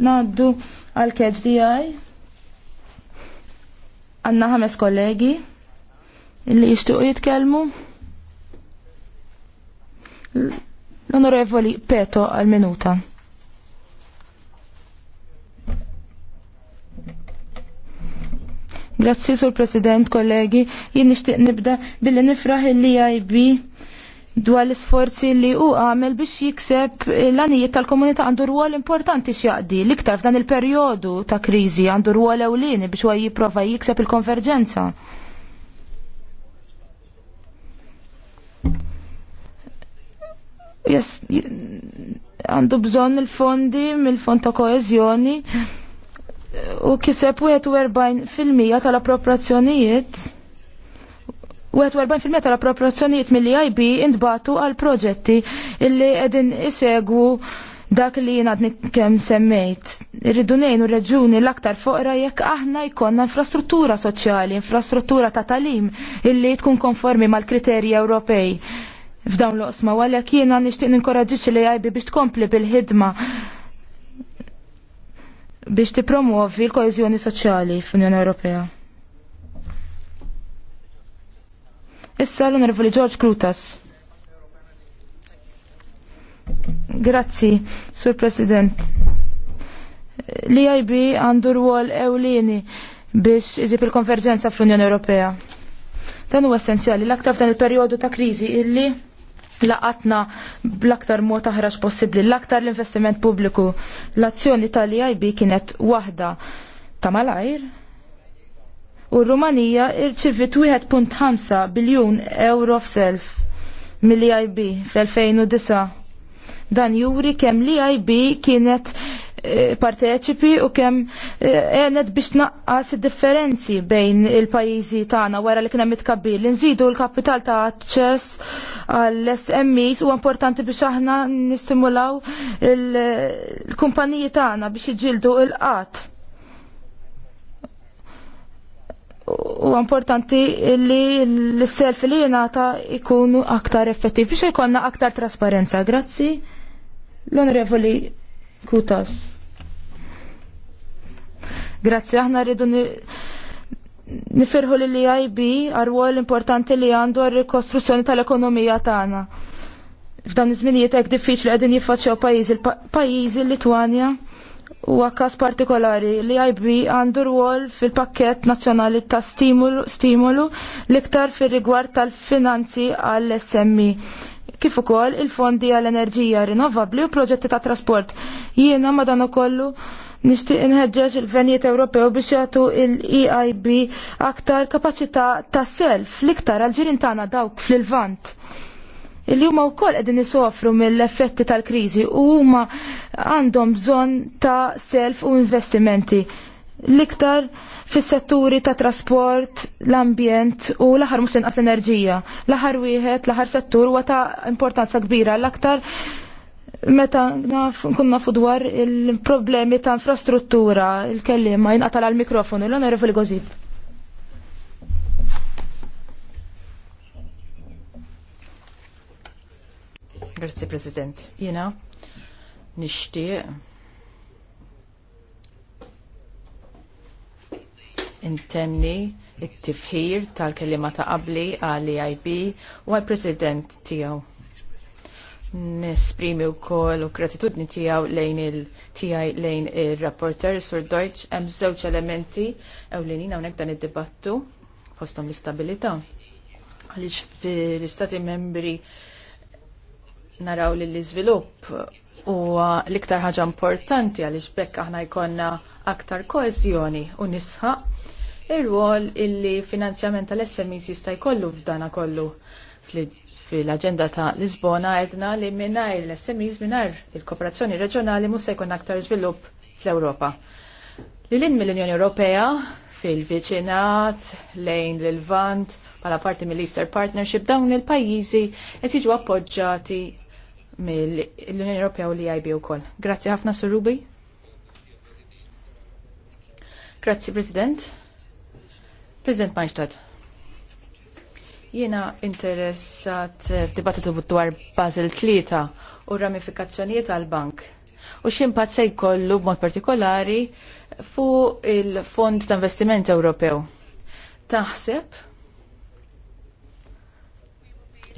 Speaker 3: ngħaddu għal-KHDI. Għanna ħames kollegi illi jishtuq jitkelmu. L-onorevoli Peto għal-minuta. Grazzi sur President, kollegi, jien nixtieq nibda billi nifraħ il-li dwar l-isforzi li u għamel biex jikseb l-għanijiet tal-komunità għandu rwol importanti xjaqdi. L-iktar f'dan il-perjodu ta' kriżi għandu rwol ewlieni biex għaj jipprova jikseb il-konverġenza. Yes, għandu bżonn il-fondi mill-fond ta' koeżjoni u kiseb 41% tal-appropriazzjonijiet 41% tal proporzjonijiet mill-IB intbatu għal proġetti illi qegħdin isegwu dak li jien għadni kemm semmejt. Irridu ngħinu reġuni l-aktar foqra jekk aħna jkollna infrastruttura soċjali, infrastruttura ta' talim illi tkun konformi mal-kriterji Ewropej. F'dawn l-osma, għalhekk jiena nixtieq ninkoraġiċi li jajbi biex tkompli bil-ħidma biex promuovi l-koeżjoni soċjali fl-Unjoni Ewropea. Issa l-onorevoli George Krutas. Grazzi, Sur President. L-IB għandu rwol ewlieni biex iġib il-konverġenza fl-Unjoni Ewropea. Dan huwa essenzjali l-aktar f'dan il-perjodu ta' kriżi illi laqatna bl-aktar mod taħraġ possibbli, l-aktar l-investiment pubbliku. L-azzjoni tal-IB kienet waħda ta' malajr u r-Rumanija irċivit 1.5 biljun euro f'self mill ib fl-2009. Dan juri kemm l e ib kienet eh, parteċipi u kemm eh, għenet biex naqqas differenzi bejn il-pajizi tagħna wara li kien hemm itkabbir li nżidu l-kapital ta' aċċess għall-SMEs u importanti biex aħna nistimulaw il-kumpaniji tagħna biex jiġildu il-qatt u importanti li l-self li jenata ikunu aktar effettiv biex ikonna aktar trasparenza. Grazzi l-onorevoli Kutas. Grazzi, aħna rridu nifirħu li l-IB l importanti li għandu għar rikostruzzjoni tal-ekonomija tagħna. F'dan iż-żminijiet hekk diffiċli qegħdin jiffaċċjaw pajjiżi il-Litwanja. Pa u għakas partikolari li IB għandu rwol fil-pakket nazjonali ta' stimulu, stimulu liktar fil rigward tal-finanzi għall-SMI e. kif ukoll il-fondi għall-enerġija rinnovabbli u proġetti ta' trasport. Jiena madan ukollu nixtieq inħeġġeġ il venjiet Ewropew biex jagħtu l-EIB aktar kapaċità ta' self l-iktar għal ġirien tagħna dawk fil-vant li huma wkoll qegħdin nisofru mill-effetti tal-kriżi u huma għandhom bżonn ta' self u investimenti l-iktar fis-setturi ta' trasport, l-ambjent u l-aħħar mhux tinqas enerġija. L-aħħar wieħed, l-aħħar settur huwa ta' importanza kbira l-aktar meta naf kunna dwar il-problemi ta' infrastruttura, il-kellima jinqatal għal mikrofonu, l-onorevoli Gozib.
Speaker 2: Grazzi President. Jena nixtieq intenni it-tifħir tal-kelima ta' qabli għal eib u għal President tiegħu. Nesprimi u u gratitudni tijaw lejn il-tijaj lejn il-rapporter sur Deutsch hemm żewġ elementi ewlenin hawnhekk dan id-dibattu fostom l-istabilità. Għaliex fl-istati membri naraw li l-iżvilupp u l-iktar ħaġa importanti għaliex bekk aħna jkollna aktar koeżjoni u nisħa ir-rwol illi finanzjament tal-SMEs jista' jkollu f'dana kollu fil-agenda ta' Lisbona għedna li mingħajr l-SMEs mingħajr il-kooperazzjoni reġjonali mhux se jkun aktar żvilupp fl-Ewropa. l-in mill-Unjoni Ewropea fil-viċinat, lejn l-Vant, bħala parti mill-Easter Partnership, dawn il-pajjiżi qed jiġu appoġġjati mill-Unjoni Ewropea u l-IB ukoll. Grazzi ħafna Sir Rubi. Grazzi President. President Majstad. Jiena interessat f'dibattitu dwar Basel tlieta u ramifikazzjonijiet għall bank U ximpat se jkollu b'mod partikolari fuq il-Fond ta' Investiment Ewropew. Taħseb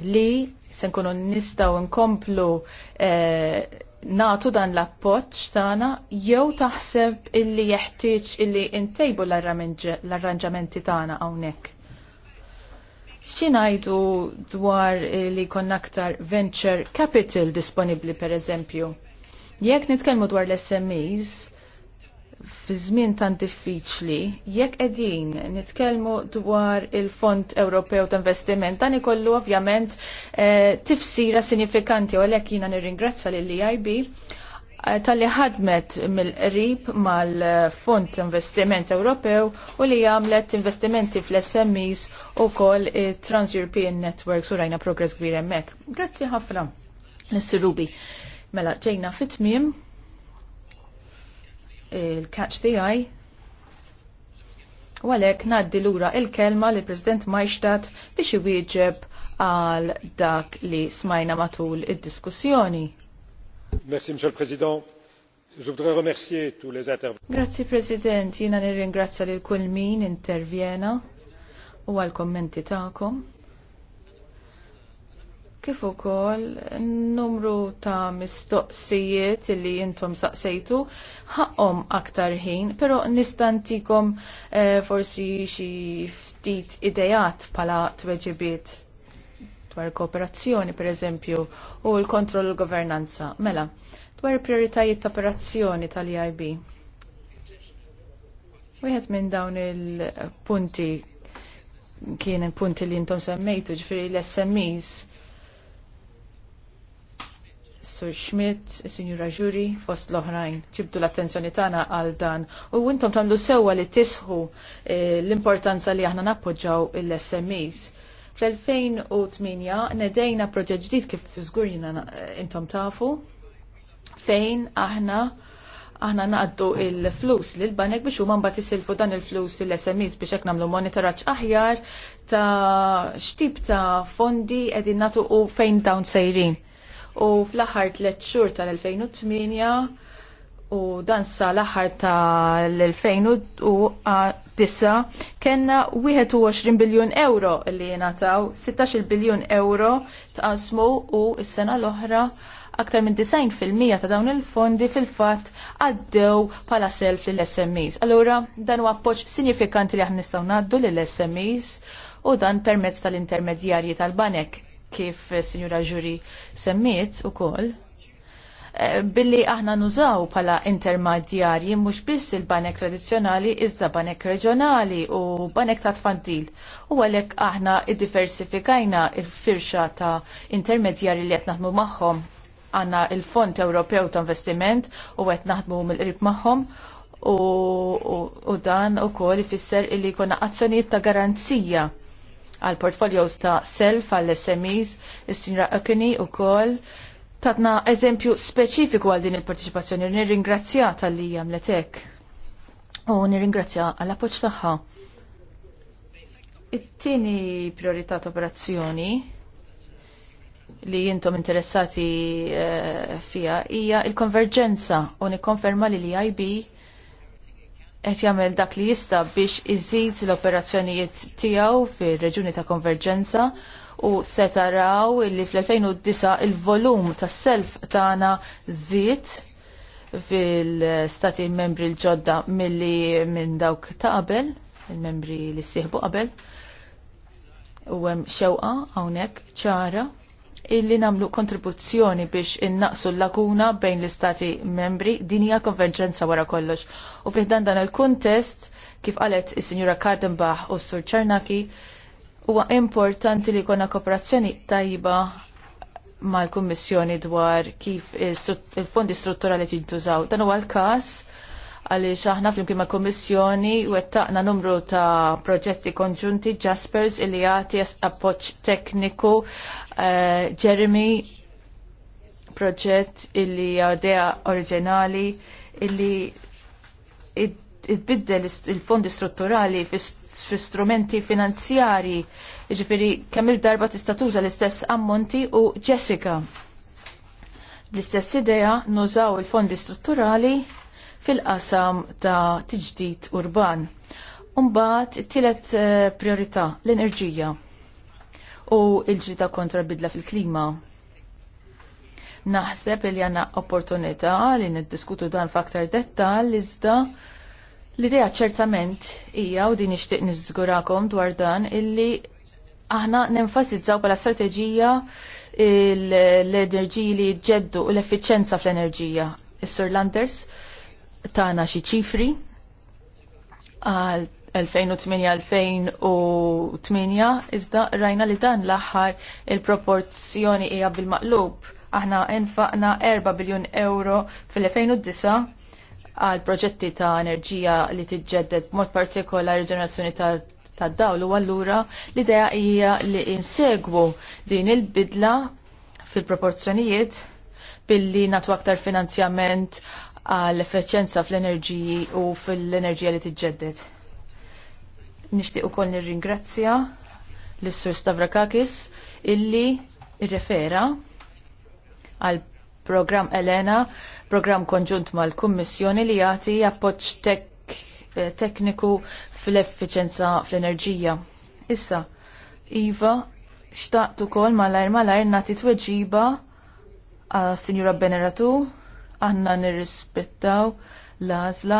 Speaker 2: li se nkunu nistgħu nkomplu eh, natu dan l-appoċ tagħna jew taħseb illi jeħtieġ illi ntejbu l-arranġamenti tagħna hawnhekk. Xinajdu dwar li konna aktar venture capital disponibli per eżempju? Jekk nitkellmu dwar l-SMEs, fi żmien tan diffiċli, jekk qegħdin nitkellmu dwar il-Fond Ewropew ta' Investiment, dan ikollu ovvjament eh, tifsira sinifikanti u għalhekk jiena nirringrazzja lill EIB eh, tal-li ħadmet mill-qrib mal-Fond ta' Investiment Ewropew u li għamlet investimenti fl-SMEs u kol Trans-European Networks u rajna progress kbir hemmhekk. Grazzi ħafna, Nissi Rubi. Mela ġejna fit-tmiem il-catch the eye. U għalek naddi lura il-kelma li President Majstat biex iwieġeb għal dak li smajna matul id-diskussjoni. Merci, Monsieur le Président. Je voudrais remercier tous les intervenants. Grazie, President. Jina nirringrazzja li l-kull min intervjena u għal kommenti ta'kom kif ukoll numru ta' mistoqsijiet li intom saqsejtu ħaqhom aktar ħin, però nistantikom eh, forsi xi ftit idejat bħala tweġibiet dwar kooperazzjoni pereżempju u l-kontroll u governanza. Mela, dwar prioritajiet ta' operazzjoni tal ib Wieħed minn dawn il-punti kien il-punti li intom semmejtu ġifieri l-SMEs Sur Schmidt, Sinjura Ġuri, fost l-oħrajn, ċibdu l-attenzjoni tagħna għal dan. U intom tagħmlu sewwa li tisħu eh, l-importanza li aħna nappoġġaw l smes Fl-2008 nedejna proġett ġdid kif żgur eh, intom tafu fejn aħna aħna naqdu il-flus lil banek biex huma mbagħad isilfu dan il-flus il-SMEs biex hekk nagħmlu monitoraġġ aħjar ta' x'tip ta' fondi qegħdin nagħtu u fejn dawn sejrin u fl-aħħar tliet xhur tal-2008 u dan sa l-aħħar tal-2009 kellna 21 biljun euro li jingħataw, 16 biljun euro tqasmu u s-sena l-oħra aktar minn 90% ta' dawn il-fondi fil-fatt għaddew pala self lill smes Allura, dan huwa appoġġ sinifikanti li aħna nistgħu ngħaddu lill smes u dan permezz tal-intermedjarji tal-banek kif sinjura ġuri semmiet ukoll eh, billi aħna nużaw pala intermedjarji mhux biss il-banek tradizzjonali iżda banek reġjonali u banek ta' tfandil. U għalhekk aħna iddiversifikajna il-firxa ta' intermedjarji li qed naħdmu magħhom għanna il-Fond Ewropew ta' Investiment u qed naħdmu mill-qrib magħhom u, u, u dan ukoll ifisser illi jkollna azzjonijiet ta' garanzija għal portfolios ta' self għall SMEs, is-sinra Akini u kol. Tatna eżempju speċifiku għal din il-partiċipazzjoni, nirringrazzja tal-li jamletek. U nirringrazzja għall appoġġ tagħha. It-tieni priorità ta' operazzjoni li jintom interessati uh, fija hija il-konverġenza u nikkonferma li l-IB qed jagħmel dak li jista' biex iżid l-operazzjonijiet tiegħu fir-reġuni ta' konverġenza u se taraw li fl-2009 il-volum tas-self tagħna żied fil-stati membri l-ġodda milli minn dawk ta' qabel, il-membri li sieħbu qabel. U hemm xewqa hawnhekk ċara illi namlu kontribuzzjoni biex innaqsu l-lakuna bejn l-istati membri din hija konvenġenza wara kollox. U fiħdan dan il-kuntest, kif qalet is-Sinjura Kardenbach u s-Sur Ċernaki, huwa importanti li jkollna kooperazzjoni tajba mal-Kummissjoni dwar kif il-fondi strutturali tintużaw. Dan huwa l-każ għaliex aħna flimkien mal kummissjoni wettaqna numru ta' proġetti konġunti Jaspers illi jagħti appoġġ tekniku Uh, Jeremy, proġett illi għadea oriġinali illi id-biddel il-fondi strutturali fi strumenti finanzjari. Ġifiri, kemm il-darba tista' tuża l-istess ammonti u Jessica. L-istess idea nużaw il-fondi strutturali fil-qasam ta' tiġdid urban. Umbat, it-tielet eh, priorità, l-enerġija u il-ġita kontra bidla fil-klima. Naħseb li għanna opportunità li niddiskutu dan faktar dettal iżda l-idea ċertament hija u din ixtieq niżgurakom dwar dan illi aħna nenfasizzaw bħala strateġija l-enerġiji li ġeddu u l-effiċenza fl-enerġija. Is-Sir Landers tana xi ċifri għal 2008-2008 iżda rajna li dan l-aħħar il-proporzjoni hija bil-maqlub. Aħna infaqna 4 biljun euro fil-2009 għal proġetti ta' enerġija li tiġġedded mod partikolari ġenerazzjoni ta' ta' dawl u allura l-idea hija li insegwu din il-bidla fil-proporzjonijiet billi natu aktar finanzjament għall effiċjenza fl-enerġiji u fil-enerġija li tiġġedded. Nixtieq ukoll nirringrazzja l sur Stavrakakis illi rrefera għal programm Elena, program konġunt mal-Kummissjoni li jagħti appoġġ tek eh, tekniku fl-effiċenza fl-enerġija. Issa, Iva, xtaqt ukoll malajr malajr nagħti tweġiba għal Sinjura Beneratu, aħna nirrispettaw l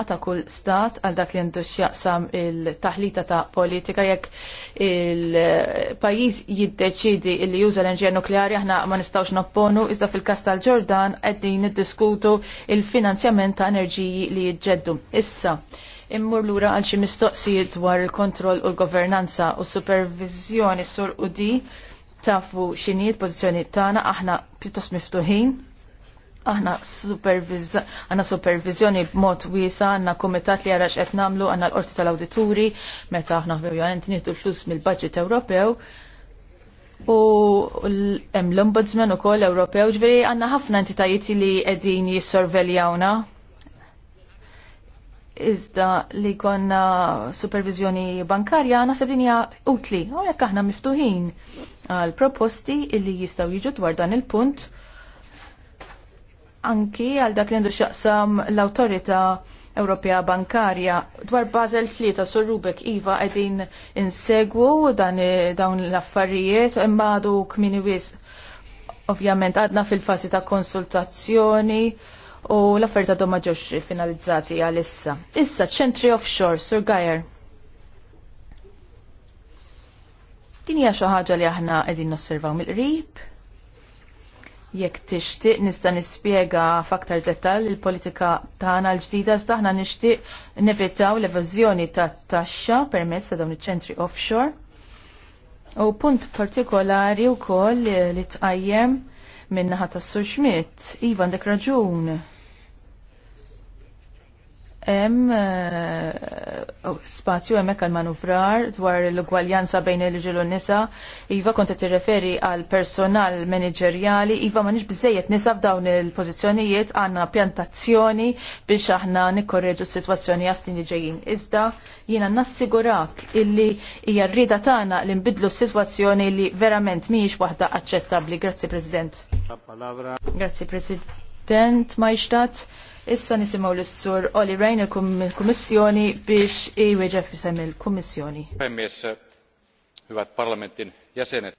Speaker 2: ta' kull stat għal dak li għandu x'jaqsam il-taħlita ta' politika jekk il-pajjiż jiddeċidi li juża l-enerġija nukleari aħna ma nistgħux nopponu iżda fil-każ tal-Ġordan qegħdin niddiskutu il-finanzjament ta' enerġiji li jiġġeddu. Issa, immur lura għal xi mistoqsijiet dwar il-kontroll u l-governanza u supervizjoni sur u di tafu xinijiet pożizzjoni tagħna aħna pjuttost miftuħin aħna għanna supervizjoni b'mod wiesa, għanna komitat li għarax qed namlu, għanna l-qorti tal-awdituri, meta aħna nietu l flus mill-budget Ewropew. U hemm l-Ombudsman ukoll Ewropew, ġveri għandna ħafna entitajiet li qegħdin jissorveljawna. Iżda li konna supervizjoni bankarja għanna li hija utli, u jekk aħna miftuħin għal proposti li jistgħu jiġu dwar dan il-punt anki għal dak li għandu xaqsam l-autorita Ewropea Bankarja. Dwar Basel 3, Sur Rubek, Iva, għedin insegwu dan dawn l-affarijiet, imma għadu kmini wis. Ovvjament, għadna fil-fasi ta' konsultazzjoni u l-affarijiet għadhom ma ġewx finalizzati għal-issa. Issa, ċentri offshore, Sur Gajer. Din hija xi ħaġa li aħna qegħdin nosservaw mill-qrib Jekk tixtieq nista' nispjega f'aktar dettall il-politika tagħna l-ġdida staħna nixtieq nevitaw l-evażjoni tat taxxa permezz ta' dawn iċ-ċentri offshore. U punt partikolari wkoll li tqajjem min-naħa tas-Sur Schmidt, iva għandek raġun Hemm eh, oh, spazju hemmhekk għal manuvrar dwar l-ugwaljanza bejn il-ġil u nisa. Iva kont qed tirreferi għal personal manageriali, iva ma nix biżejjed nisa f'dawn il-pożizzjonijiet għandna pjantazzjoni biex aħna nikkorreġu s-sitwazzjoni għasni li ġejjin. Iżda jiena nassigurak illi hija rrida tagħna li nbidlu s-sitwazzjoni li verament mhijiex waħda aċċettabbli. Grazzi President. Grazzi President Majstat. Issa nisimaw l-sur Oli Rejn il-Kummissjoni biex iweġef jisem il-Kummissjoni. hyvät eh, parlamentin jasenet.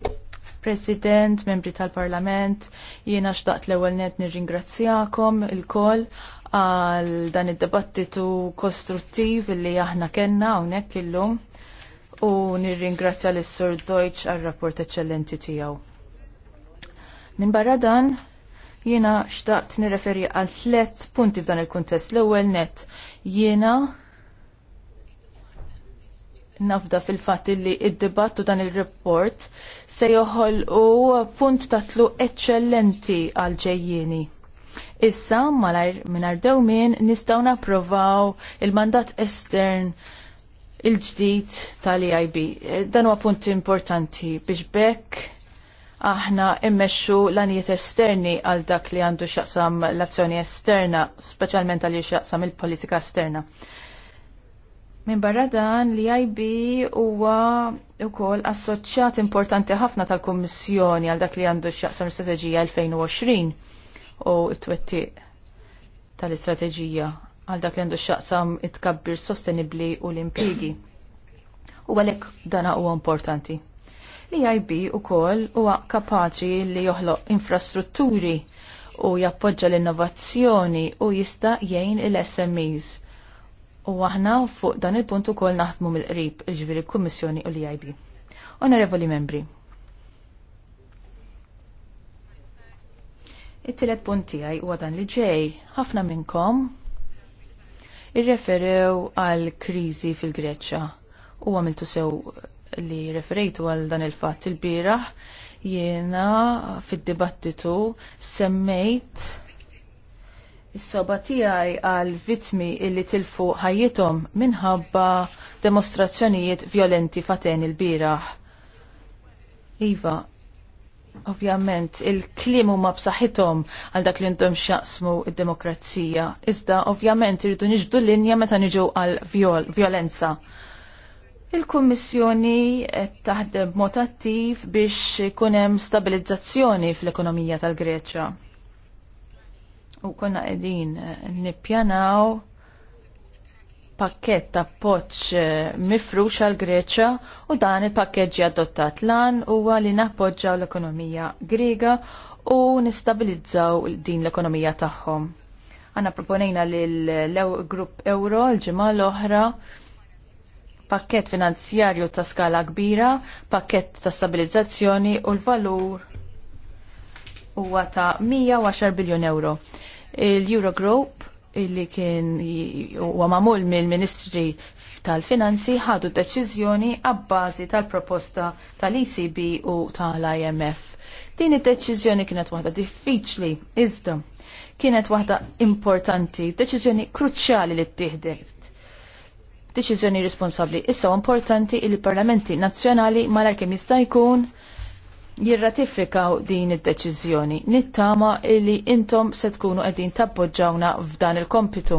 Speaker 2: President, membri tal-Parlament, jiena xtaqt l-ewwel net nirringrazzjakom il-koll għal dan id-dibattitu kostruttiv li aħna kenna hawnhekk illum u nirringrazzja l-Sur Deutsch għal rapport eċċellenti tiegħu. Min barra dan, Jiena xtaqt nirreferi għal tlet punti f'dan il-kuntest. L-ewwel net jiena nafda fil-fatt li id-dibattu dan il-report se joħol u punt tatlu eccellenti għal ġejjieni. Issa malajr minar dewmin nistaw napprovaw il-mandat estern il-ġdid tal-EIB. Eh, dan huwa punt importanti biex bekk aħna immexxu l-anijiet esterni għal dak li għandu xaqsam l-azzjoni esterna, speċjalment għal xaqsam il-politika esterna. Min barra dan li IB huwa wkoll assoċjat importanti ħafna tal-Kummissjoni għal dak li għandu xaqsam l-Strateġija 2020 u t twetti tal-istrateġija għal dak li għandu xaqsam it-kabbir sostenibli u l-impjegi. U għalek dana huwa importanti l u ukoll huwa kapaċi li joħloq infrastrutturi u jappoġġa l-innovazzjoni u jista' jgħin il-SMEs. U aħna fuq dan il-punt ukoll naħdmu mill-qrib il-ġviri kummissjoni u l-IB. Onorevoli membri. It-tielet punt tiegħi huwa dan li ġej. Ħafna minnkom irreferew għal kriżi fil-Greċċa u għamiltu sew li referejtu għal dan il-fatt il-biraħ jiena fid-dibattitu semmejt Is-soba tiegħi għal vittmi illi tilfu ħajjithom minħabba demostrazzjonijiet violenti faten il-biraħ. Iva, Ovvjament, il-klim huma b'saħħithom għal dak li intom xaqsmu id-demokrazija. Iżda, ovvjament, irridu niġbdu linja meta niġu għal violenza. Il-Kummissjoni qed taħdem b'mod attiv biex ikun hemm stabilizzazzjoni fl-ekonomija tal-Greċja. U konna qegħdin eh, nippjanaw pakket ta' poċ eh, mifrux għal Greċja u dan il-pakket ġi adottat lan huwa li nappoġġaw l-ekonomija Griega u nistabilizzaw din l-ekonomija tagħhom. Għanna proponejna lill grupp Euro l-ġimgħa l-oħra pakket finanzjarju ta' skala kbira, pakket ta' stabilizzazzjoni u l-valur huwa ta' 110 biljon euro. Il-Eurogroup illi kien huwa mamul mill-Ministri tal-Finanzi ħadu deċiżjoni għabbażi tal-proposta tal-ECB u tal-IMF. Din id-deċiżjoni kienet waħda diffiċli iżda kienet waħda importanti, deċiżjoni kruċjali li ttieħdet deċiżjoni responsabbli. Issa importanti il parlamenti nazzjonali malar kem jista' jkun jirratifikaw din id-deċiżjoni. Nittama li intom se tkunu qegħdin tappoġġawna f'dan il-kompitu.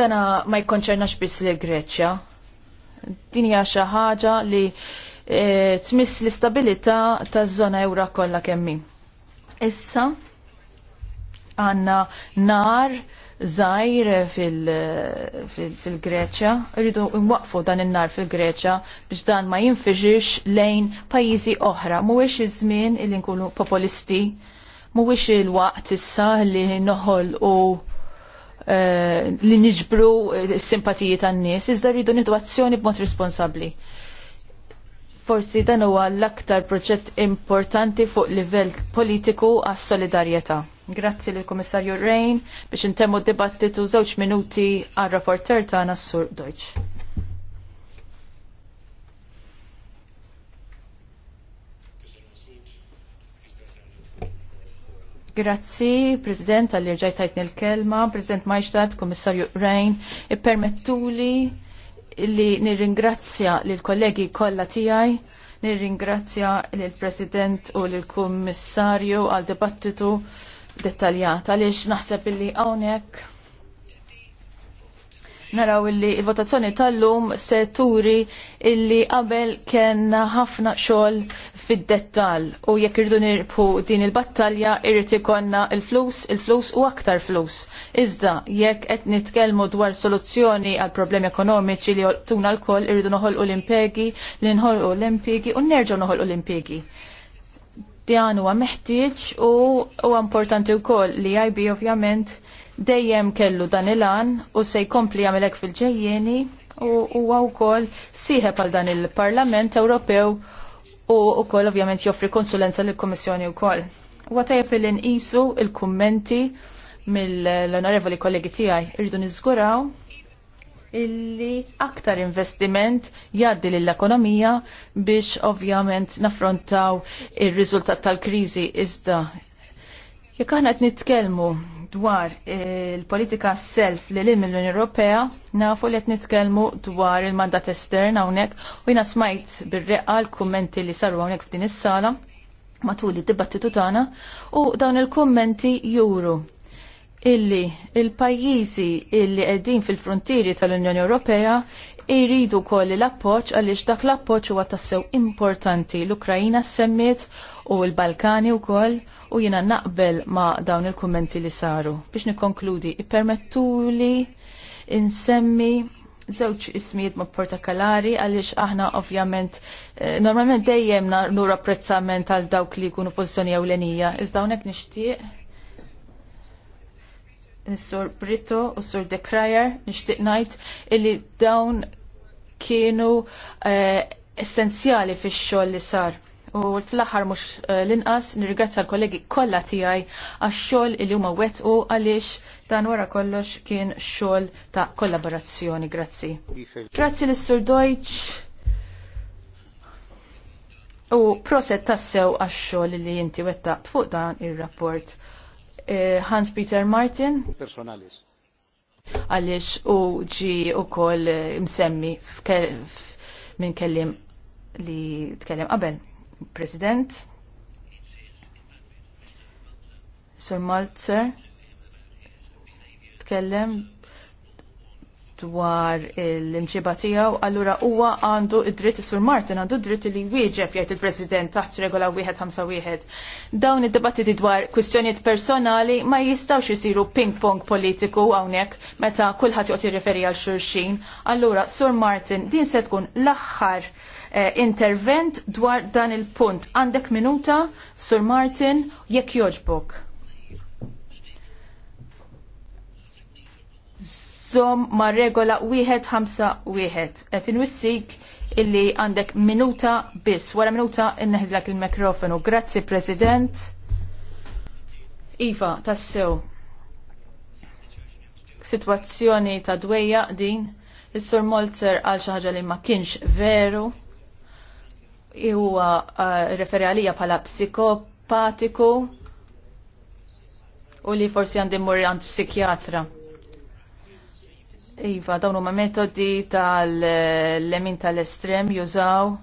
Speaker 2: Dana ma jkonċernax biss li Greċja. Din hija xi ħaġa li e, tmiss l-istabilità taż-żona ewra kollha kemmi. Issa għandna nar zaħir fil-Greċja, rridu nwaqfu dan in-nar fil-Greċja biex dan ma jinfiġiġ lejn pajjiżi oħra. Mhuwiex iż-żmien li nkunu populisti, mhuwiex il-waqt issa li noħol u eh, li niġbru s-simpatiji tan-nies, iżda rridu nidu azzjoni b'mod responsabbli forsi dan huwa l-aktar proġett importanti fuq livell politiku għas solidarjetà Grazzi lill komissarju Rejn biex intemmu dibattitu żewġ minuti għal rapporter tagħna Sur Deutsch. Grazzi, President, għalli tajtni l-kelma, President Majstad, Komissarju Rejn, ippermettuli li nirringrazzja l-kollegi kolla tijaj, nirringrazzja l-President u l komissarju għal dibattitu dettaljata għaliex naħseb illi hawnhekk naraw illi il-votazzjoni tal-lum se turi illi qabel kena ħafna xogħol fid-dettal u jekk irdu nirbħu din il-battalja irrid ikonna il-flus, il-flus u aktar flus. Iżda jekk qed nitkellmu dwar soluzzjoni għal problemi ekonomiċi li tuna l-koll irridu noħolqu l-impegi, li nħolqu l-impegi u nerġgħu noħolqu l-impegi dan huwa meħtieġ u huwa importanti wkoll li IB ovvjament dejjem kellu dan il-an u se jkompli jagħmelek fil-ġejjeni u huwa wkoll sieħeb għal dan il-Parlament Ewropew u wkoll ovvjament joffri konsulenza lill kummissjoni wkoll. Huwa tajjeb li nqisu il-kummenti mill-onorevoli kollegi tiegħi irridu niżguraw illi aktar investiment jaddi l-ekonomija biex ovvjament naffrontaw il-riżultat tal-krizi iżda. Jekk aħna qed nitkellmu dwar il-politika self li l mill-Unjoni Ewropea, nafu li qed nitkellmu dwar il-mandat estern hawnhekk u jiena smajt bir-reqqa l-kummenti li saru hawnhekk f'din is-sala matul id-dibattitu tagħna u dawn il-kummenti juru illi il-pajjiżi illi qegħdin fil-frontieri tal-Unjoni Ewropea jridu koll l-appoġġ għaliex dak l-appoġġ huwa tassew importanti l-Ukrajina semmiet u l-Balkani wkoll u jiena naqbel ma' dawn il-kummenti li saru. Biex nikkonkludi, ippermettuli insemmi żewġ ismijiet ma' portakalari għaliex aħna ovvjament eh, normalment dejjem nuru apprezzament għal dawk li jkunu pożizzjoni ewlenija. Iżda hawnhekk nixtieq Sur Brito u Sur De Krajer nixtieq ngħid illi dawn kienu uh, essenzjali fix-xogħol li sar. U fl-aħħar mhux uh, l-inqas nirringrazzja l-kollegi kollha tiegħi għax-xogħol illi huma wettqu għaliex dan wara kollox kien xogħol ta' kollaborazzjoni. Grazzi. Grazzi lis sur Deutsch. U proset tassew għax-xogħol li inti wettaqt fuq dan ir-rapport. Eh, Hans Peter Martin.
Speaker 3: Personalis.
Speaker 2: Għalix u ġi u koll eh, msemmi minn kellim li tkellem qabel. President. Sir Maltzer. Tkellem dwar l-imġiba tiegħu, allura huwa għandu id-dritt Sur Martin għandu dritt li wieġeb jgħid il-President taħt regola wieħed ħamsa wieħed. Dawn id debattiti dwar kwistjonijiet personali ma jistgħux isiru ping-pong politiku hawnhekk meta kulħadd joqgħod jirreferi għal xulxin. Allura Sur Martin din se tkun l-aħħar eh, intervent dwar dan il-punt. Għandek minuta, Sur Martin, jekk joġbok. iżżomm ma' regola wieħed ħamsa wieħed. Qed inwissik illi għandek minuta biss. Wara minuta inneħdlek il-mikrofonu. Grazzi President. Iva, tassew. Situazzjoni ta' dwejja din. Is-Sur Molzer għal xi ħaġa li ma kienx veru. Huwa eh, referi għalija bħala psikopatiku u li forsi għandi mmur għand psikjatra. Iva, dawn huma metodi tal-lemin tal-estrem jużaw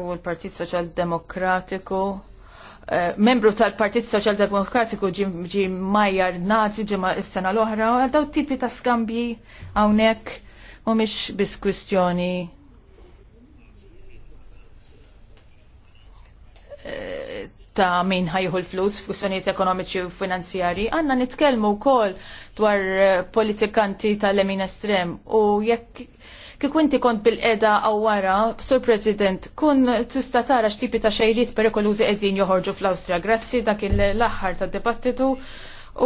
Speaker 2: u l-Partit Social Demokratiku. Eh, membru tal-Partit Social Demokratiku ġi Majjar Nazi ġimma s-sena l-oħra, għal daw tipi ta' skambji hawnhekk mhumiex bis kwistjoni eh, ta' min ħajħu l-flus f'kussjonijiet ekonomiċi u finanzjari, għanna nitkellmu wkoll dwar eh, politikanti tal-lemin estrem u jekk kik inti kont bil-qeda għawara, Sur President, kun tista tara x'tipi ta' xejriet perikolużi qegħdin joħorġu fl-Awstrija. Grazzi dak l-aħħar tad dibattitu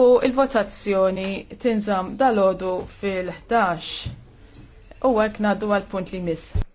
Speaker 2: u il-votazzjoni tinżam dal-ħodu fil-11. U għek naddu għal-punt li miss.